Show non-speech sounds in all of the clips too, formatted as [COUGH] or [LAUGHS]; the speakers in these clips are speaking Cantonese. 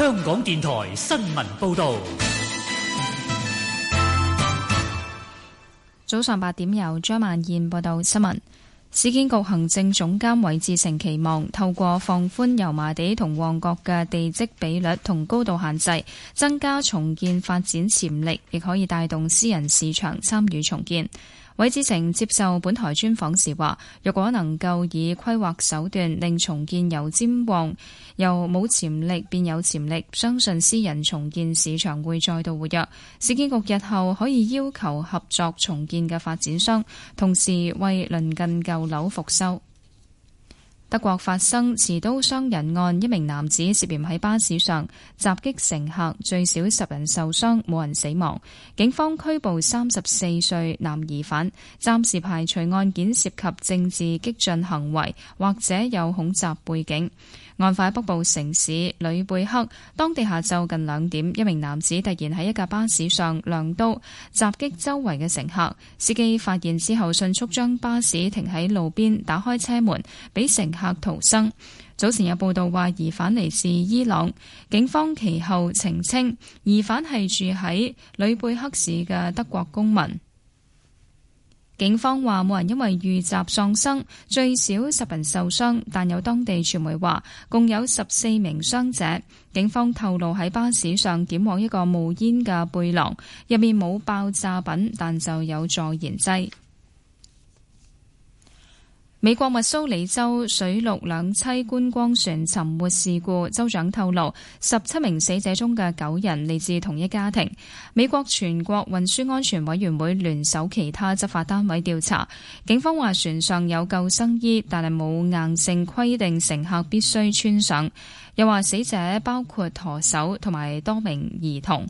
香港電台新聞報道，早上八點由張萬燕報道新聞。市建局行政總監韋志成期望透過放寬油麻地同旺角嘅地積比率同高度限制，增加重建發展潛力，亦可以帶動私人市場參與重建。韋志成接受本台專訪時話，若果能夠以規劃手段令重建由尖旺由冇潛力變有潛力，相信私人重建市場會再度活躍。市建局日後可以要求合作重建嘅發展商，同時為鄰近舊樓復修。德國發生持刀傷人案，一名男子涉嫌喺巴士上襲擊乘客，最少十人受傷，冇人死亡。警方拘捕三十四歲男疑犯，暫時排除案件涉及政治激進行為，或者有恐襲背景。案發北部城市呂貝克當地下晝近兩點，一名男子突然喺一架巴士上亮刀襲擊周圍嘅乘客。司機發現之後，迅速將巴士停喺路邊，打開車門俾乘客逃生。早前有報道話疑犯嚟自伊朗，警方其後澄清疑犯係住喺呂貝克市嘅德國公民。警方話冇人因為遇襲喪生，最少十人受傷，但有當地傳媒話共有十四名傷者。警方透露喺巴士上檢獲一個冒煙嘅背囊，入面冇爆炸品，但就有助燃劑。美國密蘇里州水陸兩棲觀光船沉沒事故，州長透露十七名死者中嘅九人嚟自同一家庭。美國全國運輸安全委員會聯手其他執法單位調查。警方話船上有救生衣，但係冇硬性規定乘客必須穿上。又話死者包括舵手同埋多名兒童。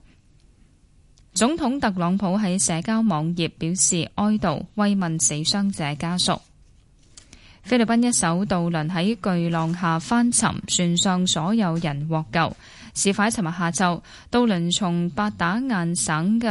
總統特朗普喺社交網頁表示哀悼，慰問死傷者家屬。菲律賓一艘渡輪喺巨浪下翻沉，船上所有人獲救。事發喺尋日下晝，渡輪從八打雁省嘅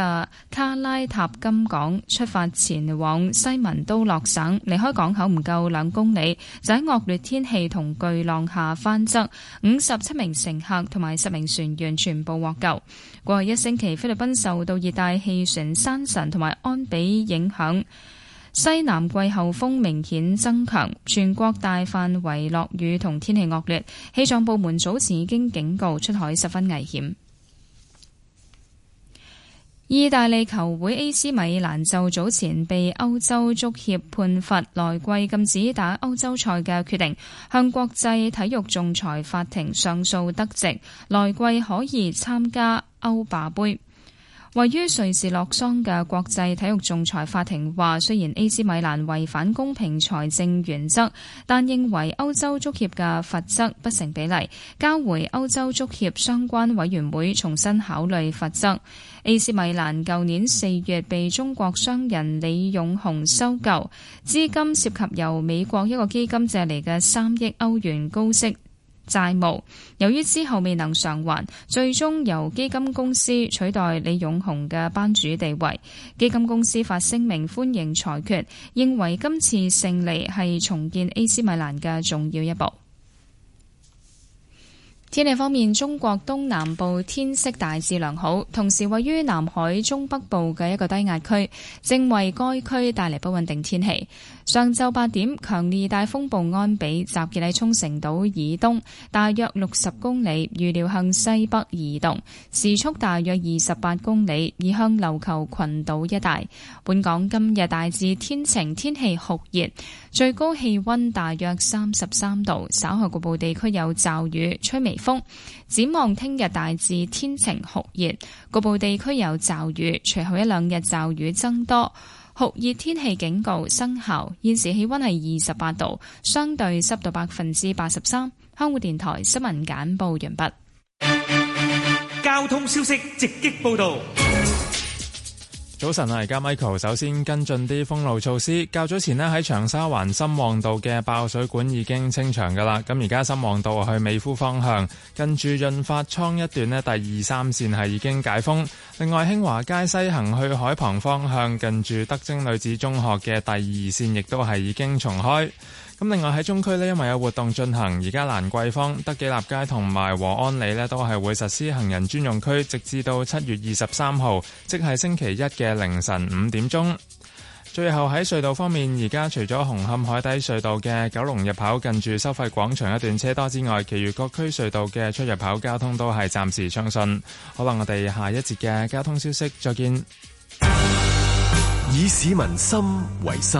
卡拉塔金港出發，前往西文都洛省，離開港口唔夠兩公里，就喺惡劣天氣同巨浪下翻側，五十七名乘客同埋十名船員全部獲救。過去一星期，菲律賓受到熱帶氣旋山神同埋安比影響。西南季候風明顯增強，全國大範圍落雨同天氣惡劣。氣象部門早前已經警告出海十分危險。意大利球會 AC 米蘭就早前被歐洲足協判罰，來季禁止打歐洲賽嘅決定，向國際體育仲裁法庭上訴得直。來季可以參加歐霸盃。位於瑞士洛桑嘅國際體育仲裁法庭話，雖然 AC 米蘭違反公平財政原則，但認為歐洲足協嘅罰則不成比例，交回歐洲足協相關委員會重新考慮罰則。AC 米蘭舊年四月被中國商人李勇鴻收購，資金涉及由美國一個基金借嚟嘅三億歐元高息。債務，由於之後未能償還，最終由基金公司取代李永雄嘅班主地位。基金公司發聲明歡迎裁決，認為今次勝利係重建 AC 米蘭嘅重要一步。天氣方面，中國東南部天色大致良好，同時位於南海中北部嘅一個低壓區，正為該區帶嚟不穩定天氣。上晝八點，強烈大風暴安比集結喺沖繩島以東，大約六十公里，預料向西北移動，時速大約二十八公里，移向琉球群島一帶。本港今日大致天晴，天氣酷熱，最高氣温大約三十三度。稍後局部地區有驟雨，吹微風。展望聽日大致天晴酷熱，局部地區有驟雨，隨後一兩日驟雨增多。酷熱天氣警告生效。現時氣溫係二十八度，相對濕度百分之八十三。香港電台新聞簡報，完畢。交通消息直擊報道。早晨啊，而家 Michael 首先跟進啲封路措施。較早前呢，喺長沙灣深旺道嘅爆水管已經清場㗎喇。咁而家深旺道去美孚方向，跟住潤發倉一段呢，第二三線係已經解封。另外，興華街西行去海旁方向，跟住德貞女子中學嘅第二線亦都係已經重開。咁另外喺中區呢，因為有活動進行，而家蘭桂坊、德己立街同埋和安里呢，都係會實施行人專用區，直至到七月二十三號，即係星期一嘅凌晨五點鐘。最後喺隧道方面，而家除咗紅磡海底隧道嘅九龍入口近住收費廣場一段車多之外，其餘各區隧道嘅出入口交通都係暫時暢順。好啦，我哋下一節嘅交通消息再見。以市民心為心。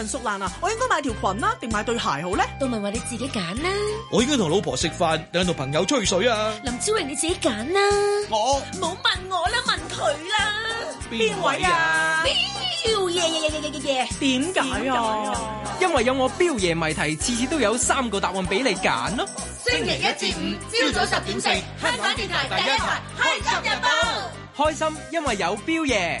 陳淑蘭啦，我應該買條裙啦，定買對鞋好咧？都問，話你自己揀啦。我應該同老婆食飯定同朋友吹水啊？林超榮你自己揀啦。我冇問我啦，問佢啦。邊位啊？彪爺爺爺爺爺，點解啊？因為有我彪爺謎題，次次都有三個答案俾你揀咯。星期一至五，朝早十點四，香港電台第一台，開心日報，開心，因為有彪爺。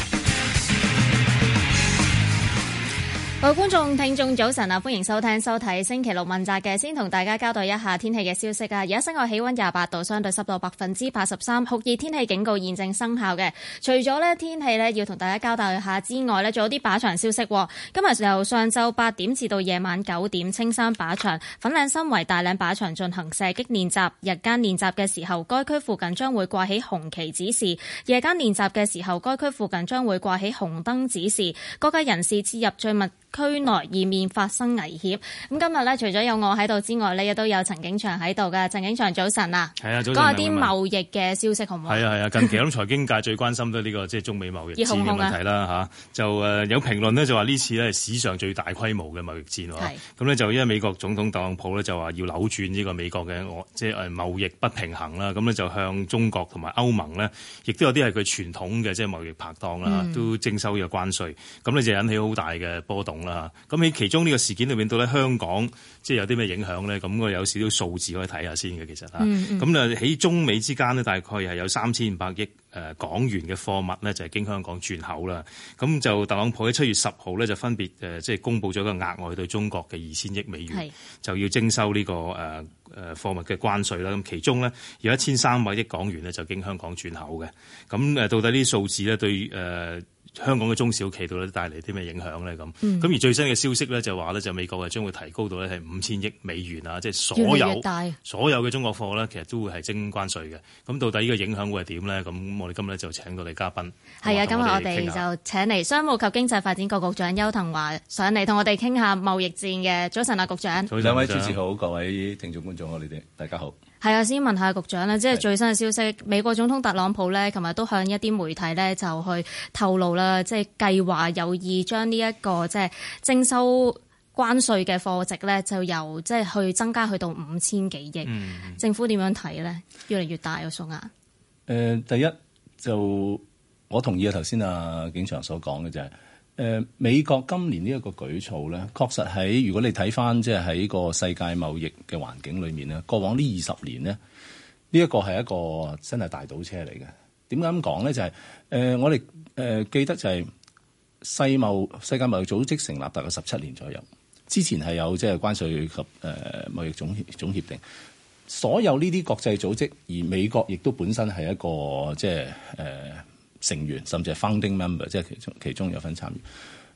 各位觀眾、聽眾，早晨啊！歡迎收聽、收睇星期六問責嘅，先同大家交代一下天氣嘅消息啊！而家室外氣溫廿八度，相對濕度百分之八十三，酷熱天氣警告現正生效嘅。除咗呢天氣呢，要同大家交代一下之外呢，仲有啲靶場消息。今日由上晝八點至到夜晚九點，青山靶場粉嶺新圍大嶺靶場進行射擊練習。日間練習嘅時候，該區附近將會掛起紅旗指示；夜間練習嘅時候，該區附近將會掛起紅燈指示。各界人士切入最密。區內以免發生危險。咁今日咧，除咗有我喺度之外呢，亦都有陳景祥喺度嘅。陳景祥早晨啊，講下啲貿易嘅消息好唔好？係啊係啊，近期咧， [LAUGHS] 財經界最關心都呢、呢個即係、就是、中美貿易嘅問題啦嚇、啊。就誒有評論呢，就話呢次咧係史上最大規模嘅貿易戰。咁呢，就因為美國總統特朗普呢，就話要扭轉呢個美國嘅即係誒貿易不平衡啦。咁呢，就向中國同埋歐盟呢，亦都有啲係佢傳統嘅即係貿易拍檔啦，都徵收咗關稅。咁呢，就引起好大嘅波動。啦，咁喺其中呢個事件裏面到呢香港即係有啲咩影響咧？咁我有少少數字可以睇下先嘅，其實嚇。咁啊，喺中美之間咧，大概係有三千五百億港元嘅貨物咧，就係經香港轉口啦。咁就特朗普喺七月十號咧，就分別即係公布咗個額外對中國嘅二千億美元，就要徵收呢個誒誒貨物嘅關稅啦。咁其中咧有一千三百億港元咧，就經香港轉口嘅。咁到底呢啲數字咧對誒？香港嘅中小企度咧，帶嚟啲咩影響咧？咁、嗯、咁而最新嘅消息咧，就話咧就美國係將會提高到咧係五千億美元啊！即、就、係、是、所有越越所有嘅中國貨咧，其實都會係徵關稅嘅。咁到底呢個影響會係點咧？咁我哋今日咧就請到哋嘉賓，係啊，今日我哋就請嚟商務及經濟發展局局長邱騰華上嚟同我哋傾下貿易戰嘅。早晨啊，局長。早晨，兩位主持好，各位聽眾觀眾，我哋啲大家好。係啊，先問下局長啦，即係最新嘅消息，美國總統特朗普咧，琴日都向一啲媒體咧就去透露啦，即係計劃有意將呢一個即係徵收關稅嘅貨值咧，就由即係去增加去到五千幾億、嗯。政府點樣睇咧？越嚟越大嘅數額。誒、呃，第一就我同意啊，頭先啊警長所講嘅就係。誒、呃，美國今年呢一個舉措咧，確實喺如果你睇返即係喺個世界貿易嘅環境裏面咧，過往這呢二十年咧，呢、這、一個係一個真係大倒車嚟嘅。點解咁講咧？就係、是、誒、呃，我哋誒、呃、記得就係世貿世界貿易組織成立大概十七年左右，之前係有即係關稅及誒貿、呃、易總協總協定，所有呢啲國際組織，而美國亦都本身係一個即係誒。就是呃成員甚至係 founding member，即係其中其中有份參與。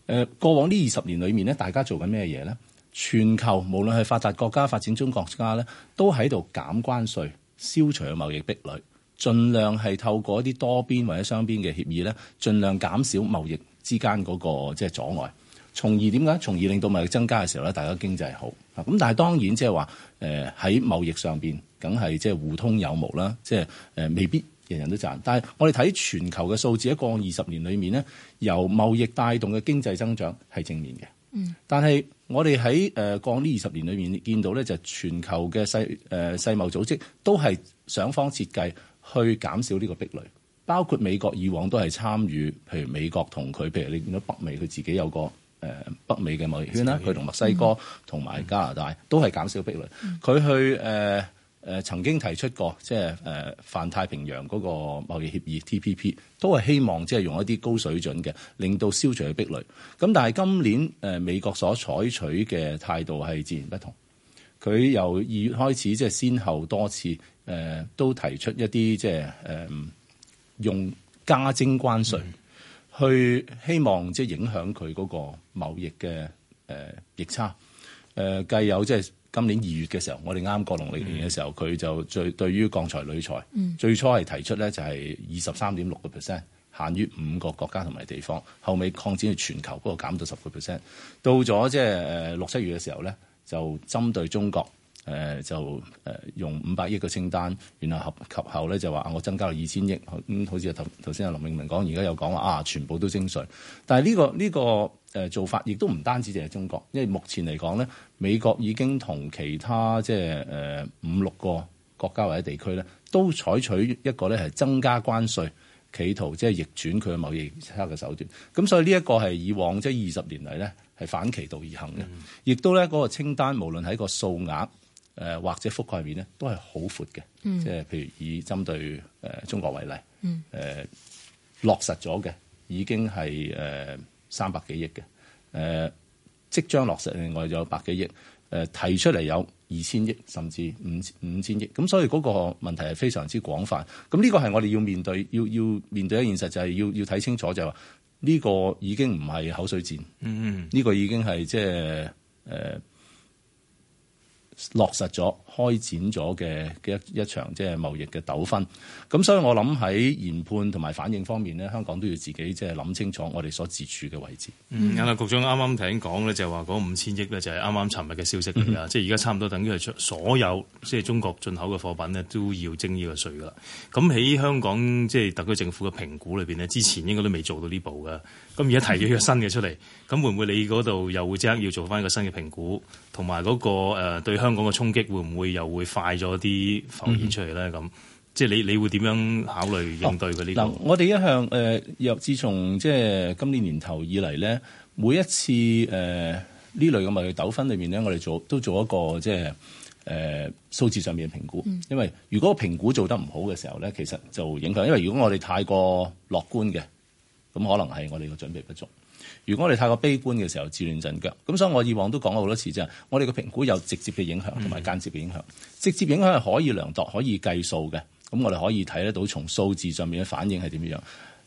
誒，過往呢二十年裏面咧，大家做緊咩嘢咧？全球無論係發達國家、發展中國家咧，都喺度減關稅、消除貿易壁壘，盡量係透過一啲多邊或者雙邊嘅協議咧，盡量減少貿易之間嗰個即係阻礙，從而點解？從而令到貿易增加嘅時候咧，大家經濟好。咁但係當然即係話誒喺貿易上邊，梗係即係互通有無啦，即係誒未必。人人都賺，但係我哋睇全球嘅數字喺過去二十年裏面咧，由貿易帶動嘅經濟增長係正面嘅。嗯，但係我哋喺誒過呢二十年裏面見到咧，就係、全球嘅世誒、呃、世貿組織都係想方設計去減少呢個壁壘，包括美國以往都係參與，譬如美國同佢譬如你見到北美佢自己有個、呃、北美嘅貿易圈啦，佢同墨西哥同埋、嗯、加拿大都係減少壁壘，佢、嗯、去、呃誒曾經提出過，即係誒泛太平洋嗰個貿易協議 TPP，都係希望即係用一啲高水準嘅，令到消除壁壘。咁但係今年誒美國所採取嘅態度係自然不同。佢由二月開始，即係先後多次誒都提出一啲即係誒用加徵關稅，去希望即係影響佢嗰個貿易嘅誒逆差。誒、呃、繼有即係。今年二月嘅時候，我哋啱過農曆年嘅時候，佢、嗯、就最對於鋼材、鋁材、嗯，最初係提出咧就係二十三點六個 percent，限於五個國家同埋地方。後尾擴展去全球，不過減到十個 percent。到咗即係六七月嘅時候咧，就針對中國。誒、呃、就誒用五百億嘅清單，然後合及後咧就話啊，我增加咗二千億，好似頭頭先阿林明文講，而家又講話啊，全部都徵稅。但係呢、這個呢、這個誒做法亦都唔單止淨係中國，因為目前嚟講咧，美國已經同其他即係誒五六個國家或者地區咧，都採取一個咧係增加關稅，企圖即係、就是、逆轉佢嘅貿易差嘅手段。咁所以呢一個係以往即係二十年嚟咧係反其道而行嘅，亦都咧嗰、那個清單無論係個數額。誒或者覆蓋面咧，都係好闊嘅。即係譬如以針對中國為例，誒、呃、落實咗嘅已經係誒、呃、三百幾億嘅，誒、呃、即將落實另外有百幾億、呃，提出嚟有二千億甚至五五千億。咁所以嗰個問題係非常之廣泛。咁呢個係我哋要面對，要要面對嘅現實就係要要睇清楚就，就係話呢個已經唔係口水戰，嗯嗯呢個已經係即係誒落實咗。開展咗嘅一場即係貿易嘅糾紛，咁所以我諗喺研判同埋反應方面呢，香港都要自己即係諗清楚，我哋所自處嘅位置。嗯，啊、嗯，局長啱啱聽講咧，就話嗰五千億咧就係啱啱尋日嘅消息嚟啊、嗯！即係而家差唔多等於係出所有即係、就是、中國進口嘅貨品呢，都要徵呢個稅噶啦。咁喺香港即係、就是、特區政府嘅評估裏邊呢，之前應該都未做到呢步噶。咁而家提咗個新嘅出嚟，咁會唔會你嗰度又會即刻要做翻一個新嘅評估，同埋嗰個誒、呃、對香港嘅衝擊會唔會？佢又會快咗啲浮現出嚟咧，咁、嗯、即係你你會點樣考慮應對佢、這、呢、個？嗱、哦啊，我哋一向誒，由、呃、自從即係今年年頭以嚟咧，每一次誒呢、呃、類嘅貿易糾紛裏面咧，我哋做都做一個即係誒數字上面嘅評估。嗯、因為如果個評估做得唔好嘅時候咧，其實就影響。因為如果我哋太過樂觀嘅，咁可能係我哋嘅準備不足。如果我哋太過悲觀嘅時候，自亂陣腳，咁所以我以往都講過好多次啫。我哋嘅評估有直接嘅影響同埋間接嘅影響、嗯。直接影響係可以量度、可以計數嘅，咁我哋可以睇得到從數字上面嘅反應係點樣。誒、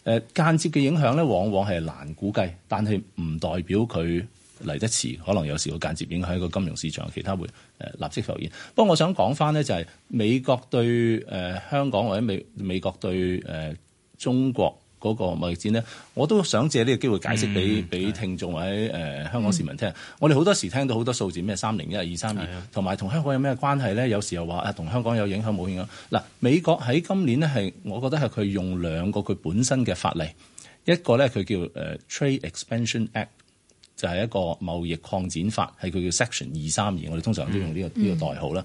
呃、間接嘅影響咧，往往係難估計，但係唔代表佢嚟得遲。可能有時會間接影響一個金融市場，其他會、呃、立即浮現。不過我想講翻咧，就係、是、美國對、呃、香港或者美美國對、呃、中國。嗰、那個貿易戰呢，我都想借呢個機會解釋俾俾、嗯、聽眾喺誒、呃、香港市民聽。嗯、我哋好多時聽到好多數字，咩三零一二三二，同埋同香港有咩關係呢？有時候話啊，同香港有影響冇影響？嗱、啊，美國喺今年呢，我覺得係佢用兩個佢本身嘅法例，一個呢，佢叫誒、呃、Trade Expansion Act，就係一個貿易擴展法，係佢叫 Section 二三二，我哋通常都用呢、這個呢、這個代號啦。呢、嗯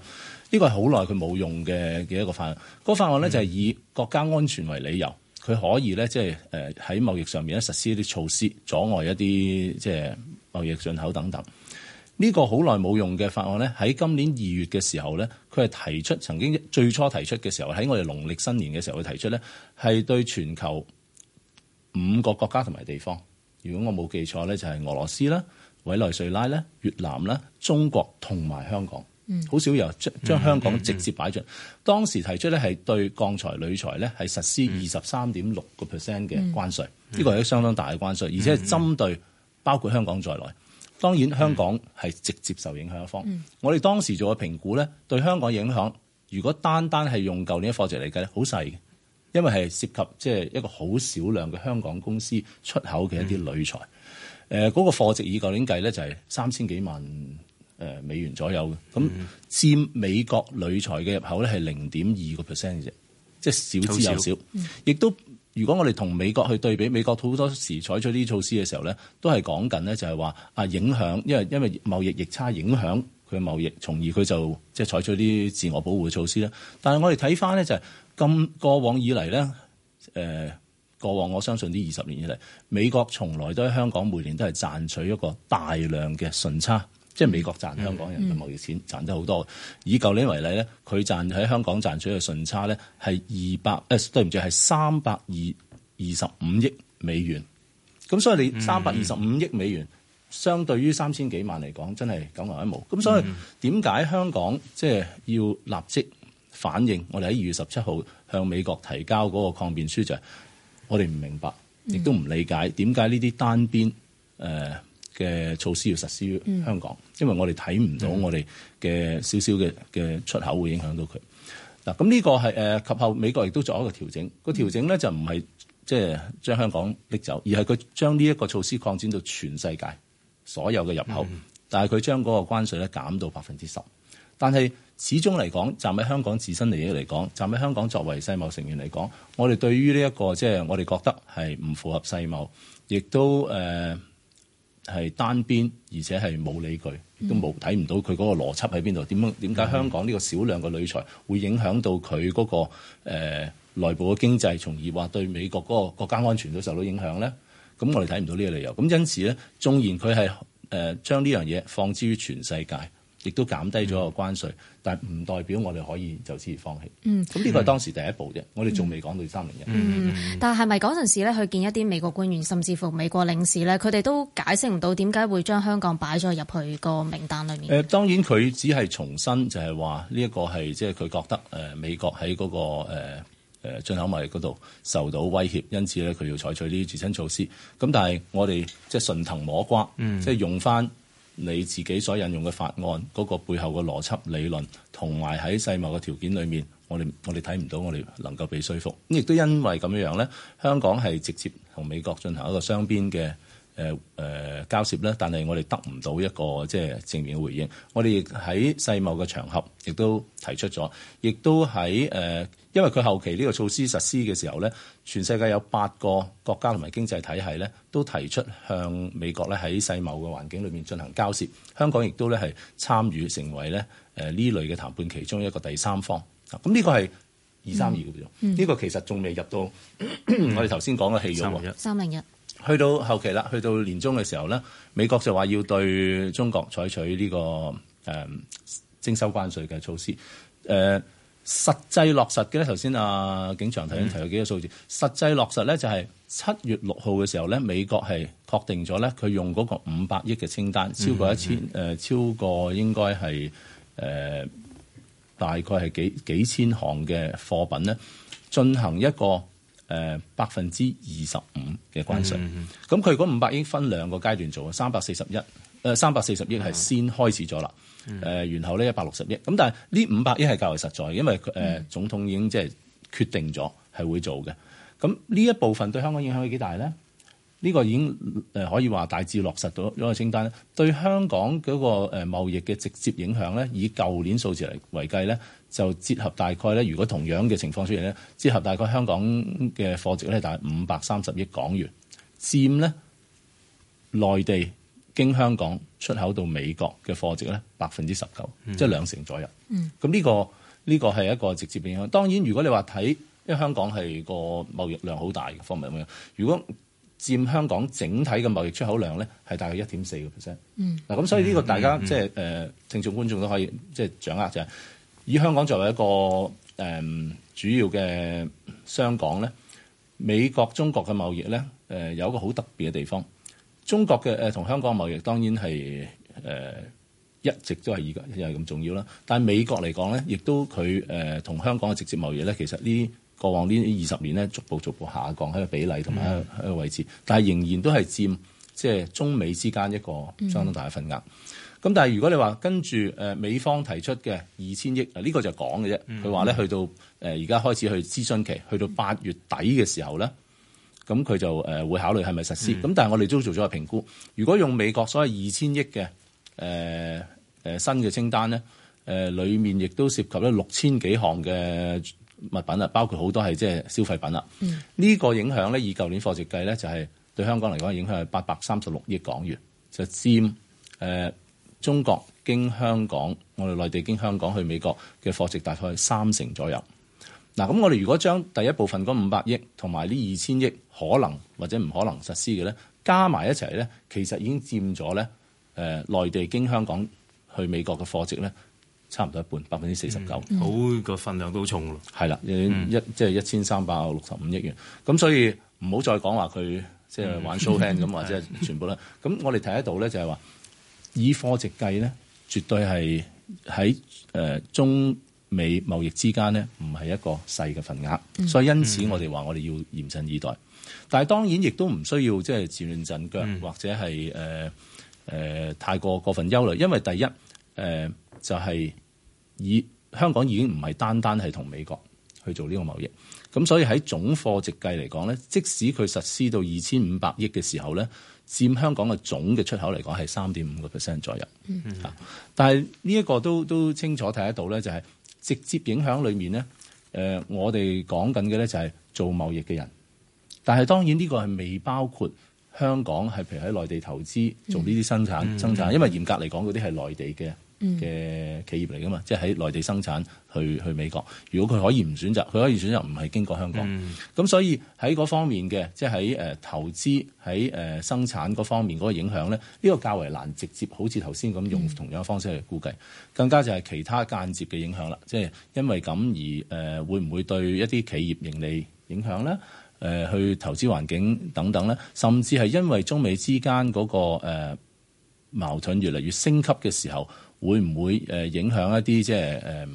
這個係好耐佢冇用嘅嘅一個法案。嗰、那個法案呢，嗯、就係、是、以國家安全為理由。佢可以咧，即係誒喺貿易上面咧實施一啲措施，阻礙一啲即係貿易進口等等。呢個好耐冇用嘅法案咧，喺今年二月嘅時候咧，佢係提出曾經最初提出嘅時候，喺我哋農曆新年嘅時候佢提出咧，係對全球五個國家同埋地方。如果我冇記錯咧，就係俄羅斯啦、委內瑞拉啦、越南啦、中國同埋香港。好、嗯、少有將將香港直接擺進、嗯嗯嗯、當時提出咧，係對鋼材、鋁材咧係實施二十三點六個 percent 嘅關稅，呢個係一個相當大嘅關稅、嗯，而且係針對包括香港在內。當然香港係直接受影響一方。嗯、我哋當時做嘅評估咧，對香港影響，如果單單係用舊年嘅貨值嚟計咧，好細嘅，因為係涉及即係一個好少量嘅香港公司出口嘅一啲鋁材。誒、嗯，嗰、呃那個貨值以舊年計咧，就係三千幾萬。美元左右嘅。咁佔美國鋁材嘅入口咧，係零點二個 percent 啫，即係少之又少。亦都如果我哋同美國去對比，美國好多時採取呢啲措施嘅時候咧，都係講緊咧，就係話啊影響，因為因為貿易逆差影響佢貿易，從而佢就即係、就是、採取啲自我保護措施啦。但係我哋睇翻咧，就係咁過往以嚟咧，誒、呃、過往我相信呢二十年以嚟，美國從來都喺香港每年都係賺取一個大量嘅順差。即係美國賺香港人嘅貿易錢賺得好多，嗯、以舊年為例咧，佢賺喺香港賺取嘅順差咧係二百，誒對唔住係三百二二十五億美元。咁所以你三百二十五億美元，嗯、相對於三千幾萬嚟講，真係九牛一毛。咁所以點解香港即係、嗯就係、要立即反應？我哋喺二月十七號向美國提交嗰個抗辯書就係我哋唔明白，亦都唔理解點解呢啲單邊誒、呃嘅措施要實施於香港，嗯，因為我哋睇唔到我哋嘅少少嘅嘅出口會影響到佢嗱。咁、嗯、呢個係、誒、呃、及後美國亦都作一個調整，個、嗯、調整咧就唔係即係將香港拎走，而係佢將呢一個措施擴展到全世界所有嘅入口，嗯、但係佢將嗰個關稅咧減到百分之十。但係始終嚟講，站喺香港自身利益嚟講，站喺香港作為世貿成員嚟講，我哋對於呢一個即係、就是、我哋覺得係唔符合世貿，亦都誒。呃係單邊，而且係冇理據，亦都冇睇唔到佢嗰個邏輯喺邊度？點樣點解香港呢個少量嘅鋁材會影響到佢嗰、嗰個誒、呃、內部嘅經濟，從而話對美國嗰個國家安全都受到影響咧？咁我哋睇唔到呢個理由。咁因此咧，縱然佢係誒將呢樣嘢放之於全世界。亦都減低咗個關稅、嗯，但唔代表我哋可以就此而放棄。嗯，咁呢個係當時第一步啫、嗯，我哋仲未講到三零一。嗯，但係咪嗰陣時咧，佢見一啲美國官員，甚至乎美國領事咧，佢哋都解釋唔到點解會將香港擺咗入去個名單裏面？誒、呃，當然佢只係重申就係話呢一個係即係佢覺得美國喺嗰、那個誒進、呃、進口貿易嗰度受到威脅，因此咧佢要採取呢啲自身措施。咁但係我哋即係順藤摸瓜，即、嗯、係、就是、用翻。你自己所引用嘅法案，嗰個背後嘅邏輯理論同埋喺世貿嘅條件裏面，我哋我哋睇唔到，我哋能夠被說服。亦都因為咁樣咧，香港係直接同美國進行一個雙邊嘅。誒、呃、交涉咧，但係我哋得唔到一個即係正面嘅回應。我哋亦喺世貿嘅場合，亦都提出咗，亦都喺、呃、因為佢後期呢個措施實施嘅時候咧，全世界有八個國家同埋經濟體系咧，都提出向美國咧喺世貿嘅環境裏面進行交涉。香港亦都咧係參與成為咧呢類嘅談判其中一個第三方。咁呢個係二三二嘅噃，呢、嗯嗯呢個其實仲未入到咳咳我哋頭先講嘅戲咗。三零一。去到後期啦，去到年中嘅時候咧，美國就話要對中國採取呢、呢個誒徵、呃、收關稅嘅措施。誒、呃、實際落實嘅咧，頭先阿景祥頭先提咗幾個數字，嗯、實際落實咧就係七月六號嘅時候咧，美國係確定咗咧，佢用嗰個五百億嘅清單超過一千誒超過應該係誒大概係幾幾千項嘅貨品咧，進行一個。誒百分之二十五嘅關稅，咁佢嗰五百億分兩個階段做三百四十一，誒三百四十億係先開始咗啦，誒、嗯呃、然後呢，一百六十億，咁但係呢五百億係較為實在，因為誒、呃、總統已經即係決定咗係會做嘅，咁呢一部分對香港影響有幾大咧？呢、這個已經可以話大致落實咗咗個清單，對香港嗰個誒貿易嘅直接影響咧，以舊年數字嚟為計咧。就折合大概咧，如果同樣嘅情況出現咧，折合大概香港嘅貨值咧，大概五百三十億港元，佔咧內地經香港出口到美國嘅貨值咧百分之十九，即係兩成左右。嗯，咁呢個呢個係一個直接影響。當然，如果你話睇，因為香港係個貿易量好大嘅方面咁樣，如果佔香港整體嘅貿易出口量咧、嗯，係大概一點四個 percent。嗱，咁所以呢個大家即係誒，聽眾觀眾都可以即係掌握就係。以香港作為一個誒、嗯、主要嘅商港咧，美國中國嘅貿易咧，誒、呃、有一個好特別嘅地方。中國嘅誒同香港貿易當然係誒、呃、一直都係而家咁重要啦。但係美國嚟講咧，亦都佢誒同香港嘅直接貿易咧，其實呢過往這呢二十年咧逐步逐步下降喺個比例同埋喺個位置，嗯、但係仍然都係佔即係、就是、中美之間一個相當大嘅份額。嗯嗯咁但係，如果你話跟住誒美方提出嘅二千億，啊、這、呢個就講嘅啫。佢話咧，去到誒而家開始去諮詢期，去到八月底嘅時候咧，咁佢就誒會考慮係咪實施。咁、嗯、但係我哋都做咗個評估，如果用美國所謂二千億嘅誒新嘅清單咧，裏、呃、面亦都涉及咗六千幾項嘅物品啦，包括好多係即係消費品啦。呢、嗯這個影響咧，以舊年貨值計咧，就係對香港嚟講嘅影響係八百三十六億港元，就佔。嗯呃中國經香港，我哋內地經香港去美國嘅貨值大概係三成左右。嗱，咁我哋如果將第一部分嗰五百億同埋呢二千億可能或者唔可能實施嘅咧，加埋一齊咧，其實已經佔咗咧誒內地經香港去美國嘅貨值咧，差唔多一半，百分之四十九。好，個分量都好重咯。係、嗯、啦，一即係一千三百六十五億元。咁所以唔好再講話佢即係玩 show hand 咁、嗯、或者全部啦。咁我哋睇得到咧，就係話。以貨值計咧，絕對係喺誒中美貿易之間咧，唔係一個細嘅份額，所以因此我哋話我哋要嚴陣以待。但係當然亦都唔需要即係自亂陣腳，或者係誒誒太過過分憂慮，因為第一誒、呃、就係、是、以香港已經唔係單單係同美國去做呢個貿易，咁所以喺總貨值計嚟講咧，即使佢實施到二千五百億嘅時候咧。佔香港嘅總嘅出口嚟講係三點五個 percent 左右，嚇！但係呢一個都都清楚睇得到咧，就係直接影響裡面咧，誒，我哋講緊嘅咧就係做貿易嘅人。但係當然呢個係未包括香港係譬如喺內地投資做呢啲生產生產，因為嚴格嚟講嗰啲係內地嘅。嘅、嗯、企業嚟噶嘛，即係喺內地生產去去美國。如果佢可以唔選擇，佢可以選擇唔係經過香港。咁、嗯、所以喺嗰方面嘅，即係喺誒投資、喺誒、呃、生產嗰方面嗰個影響咧，呢、這個較為難直接，好似頭先咁用同樣方式嚟估計、嗯，更加就係其他間接嘅影響啦。即、就、係、是、因為咁而誒、呃，會唔會對一啲企業盈利影響咧？誒、呃，去投資環境等等咧，甚至係因為中美之間嗰、那個、呃矛盾越嚟越升級嘅時候，會唔會誒影響一啲即係誒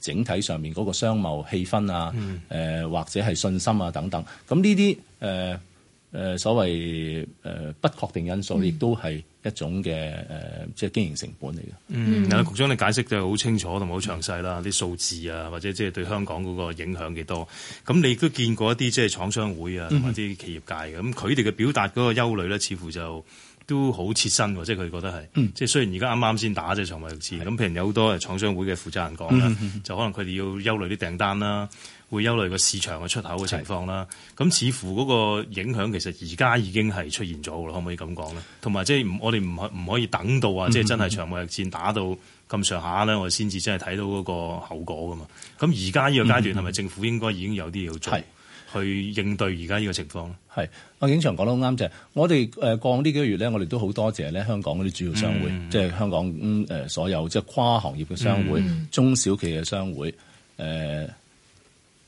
整體上面嗰個商貿氣氛啊？誒、嗯、或者係信心啊等等。咁呢啲誒誒所謂誒不確定因素，亦都係一種嘅誒即係經營成本嚟嘅。嗯，啊局長你解釋得好清楚同埋好詳細啦，啲數字啊或者即係對香港嗰個影響幾多？咁你都見過一啲即係廠商會啊同埋啲企業界嘅咁，佢哋嘅表達嗰個憂慮咧，似乎就都好切身喎，即係佢覺得係，嗯、即係雖然而家啱啱先打場貿易戰，咁譬如有好多廠商會嘅負責人講啦，嗯嗯嗯就可能佢哋要憂慮啲訂單啦，會憂慮個市場嘅出口嘅情況啦，咁似乎嗰個影響其實而家已經係出現咗㗎啦，可唔可以咁講咧？同埋即係我哋唔可唔可以等到啊，嗯嗯嗯即係真係場貿易戰打到咁上下咧，我哋先至真係睇到嗰個後果㗎嘛？咁而家呢個階段係咪、嗯嗯、政府應該已經有啲要做？去應對而家呢個情況，係阿景祥講得好啱就係！我哋誒、呃、過往呢幾個月咧，我哋都好多謝咧香港嗰啲主要商會，嗯、即係香港誒、嗯呃、所有即係跨行業嘅商會、嗯、中小企嘅商會。誒、呃，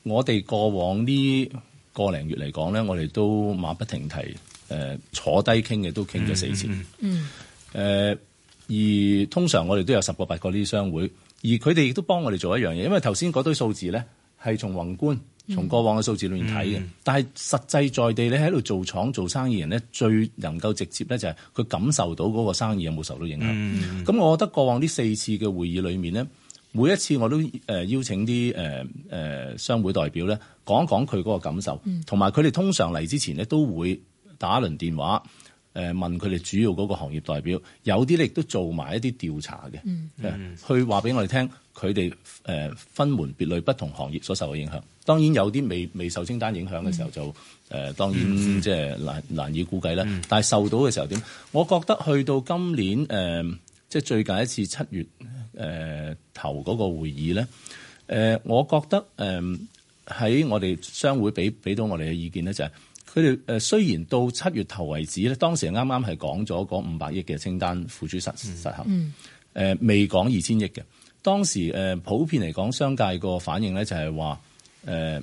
我哋過往個呢個零月嚟講咧，我哋都馬不停蹄誒、呃、坐低傾嘅，都傾咗四次。嗯誒、嗯呃，而通常我哋都有十個八個呢啲商會，而佢哋亦都幫我哋做一樣嘢，因為頭先嗰堆數字咧係從宏觀。從過往嘅數字裏面睇嘅、嗯，但係實際在地你喺度做廠做生意人咧，最能夠直接咧就係佢感受到嗰個生意有冇受到影響。咁、嗯、我覺得過往呢四次嘅會議裡面咧，每一次我都誒邀請啲誒誒商會代表咧講一講佢嗰個感受，同埋佢哋通常嚟之前咧都會打一輪電話。誒問佢哋主要嗰個行業代表，有啲咧亦都做埋一啲調查嘅、嗯，去話俾我哋聽佢哋誒分門別類不同行業所受嘅影響。當然有啲未未受清單影響嘅時候，就、嗯、誒、呃、當然、嗯、即係難難以估計啦、嗯。但係受到嘅時候點？我覺得去到今年誒、呃，即係最近一次七月誒、呃、頭嗰個會議咧，誒、呃，我覺得誒喺、呃、我哋商會俾俾到我哋嘅意見咧、就係，就係。佢哋誒雖然到七月頭為止咧，當時啱啱係講咗嗰五百億嘅清單付諸實實行，誒未講二千億嘅。當時誒普遍嚟講，商界個反應咧就係話誒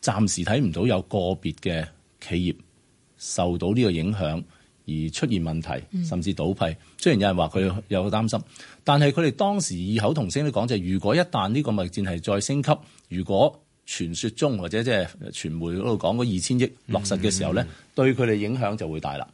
暫時睇唔到有個別嘅企業受到呢個影響而出現問題，甚至倒閉。雖然有人話佢有個擔心，但係佢哋當時異口同聲都講就係，如果一旦呢個物戰係再升級，如果傳說中或者即係傳媒嗰度講嗰二千億落實嘅時候咧、嗯嗯嗯，對佢哋影響就會大啦。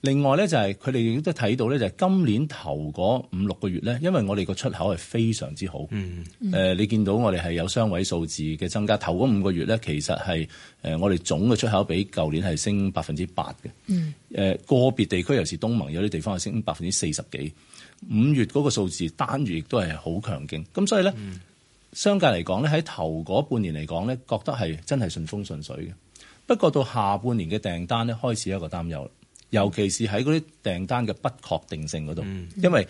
另外咧就係佢哋亦都睇到咧，就係今年頭嗰五六個月咧，因為我哋個出口係非常之好。誒、嗯嗯呃，你見到我哋係有雙位數字嘅增加。頭嗰五個月咧，其實係誒、呃、我哋總嘅出口比舊年係升百分之八嘅。誒、嗯呃，個別地區尤其是東盟有啲地方係升百分之四十幾。五月嗰個數字單月亦都係好強勁。咁所以咧，嗯商界嚟講咧，喺頭嗰半年嚟講咧，覺得係真係順風順水嘅。不過到下半年嘅訂單咧，開始一個擔憂，尤其是喺嗰啲訂單嘅不確定性嗰度，因為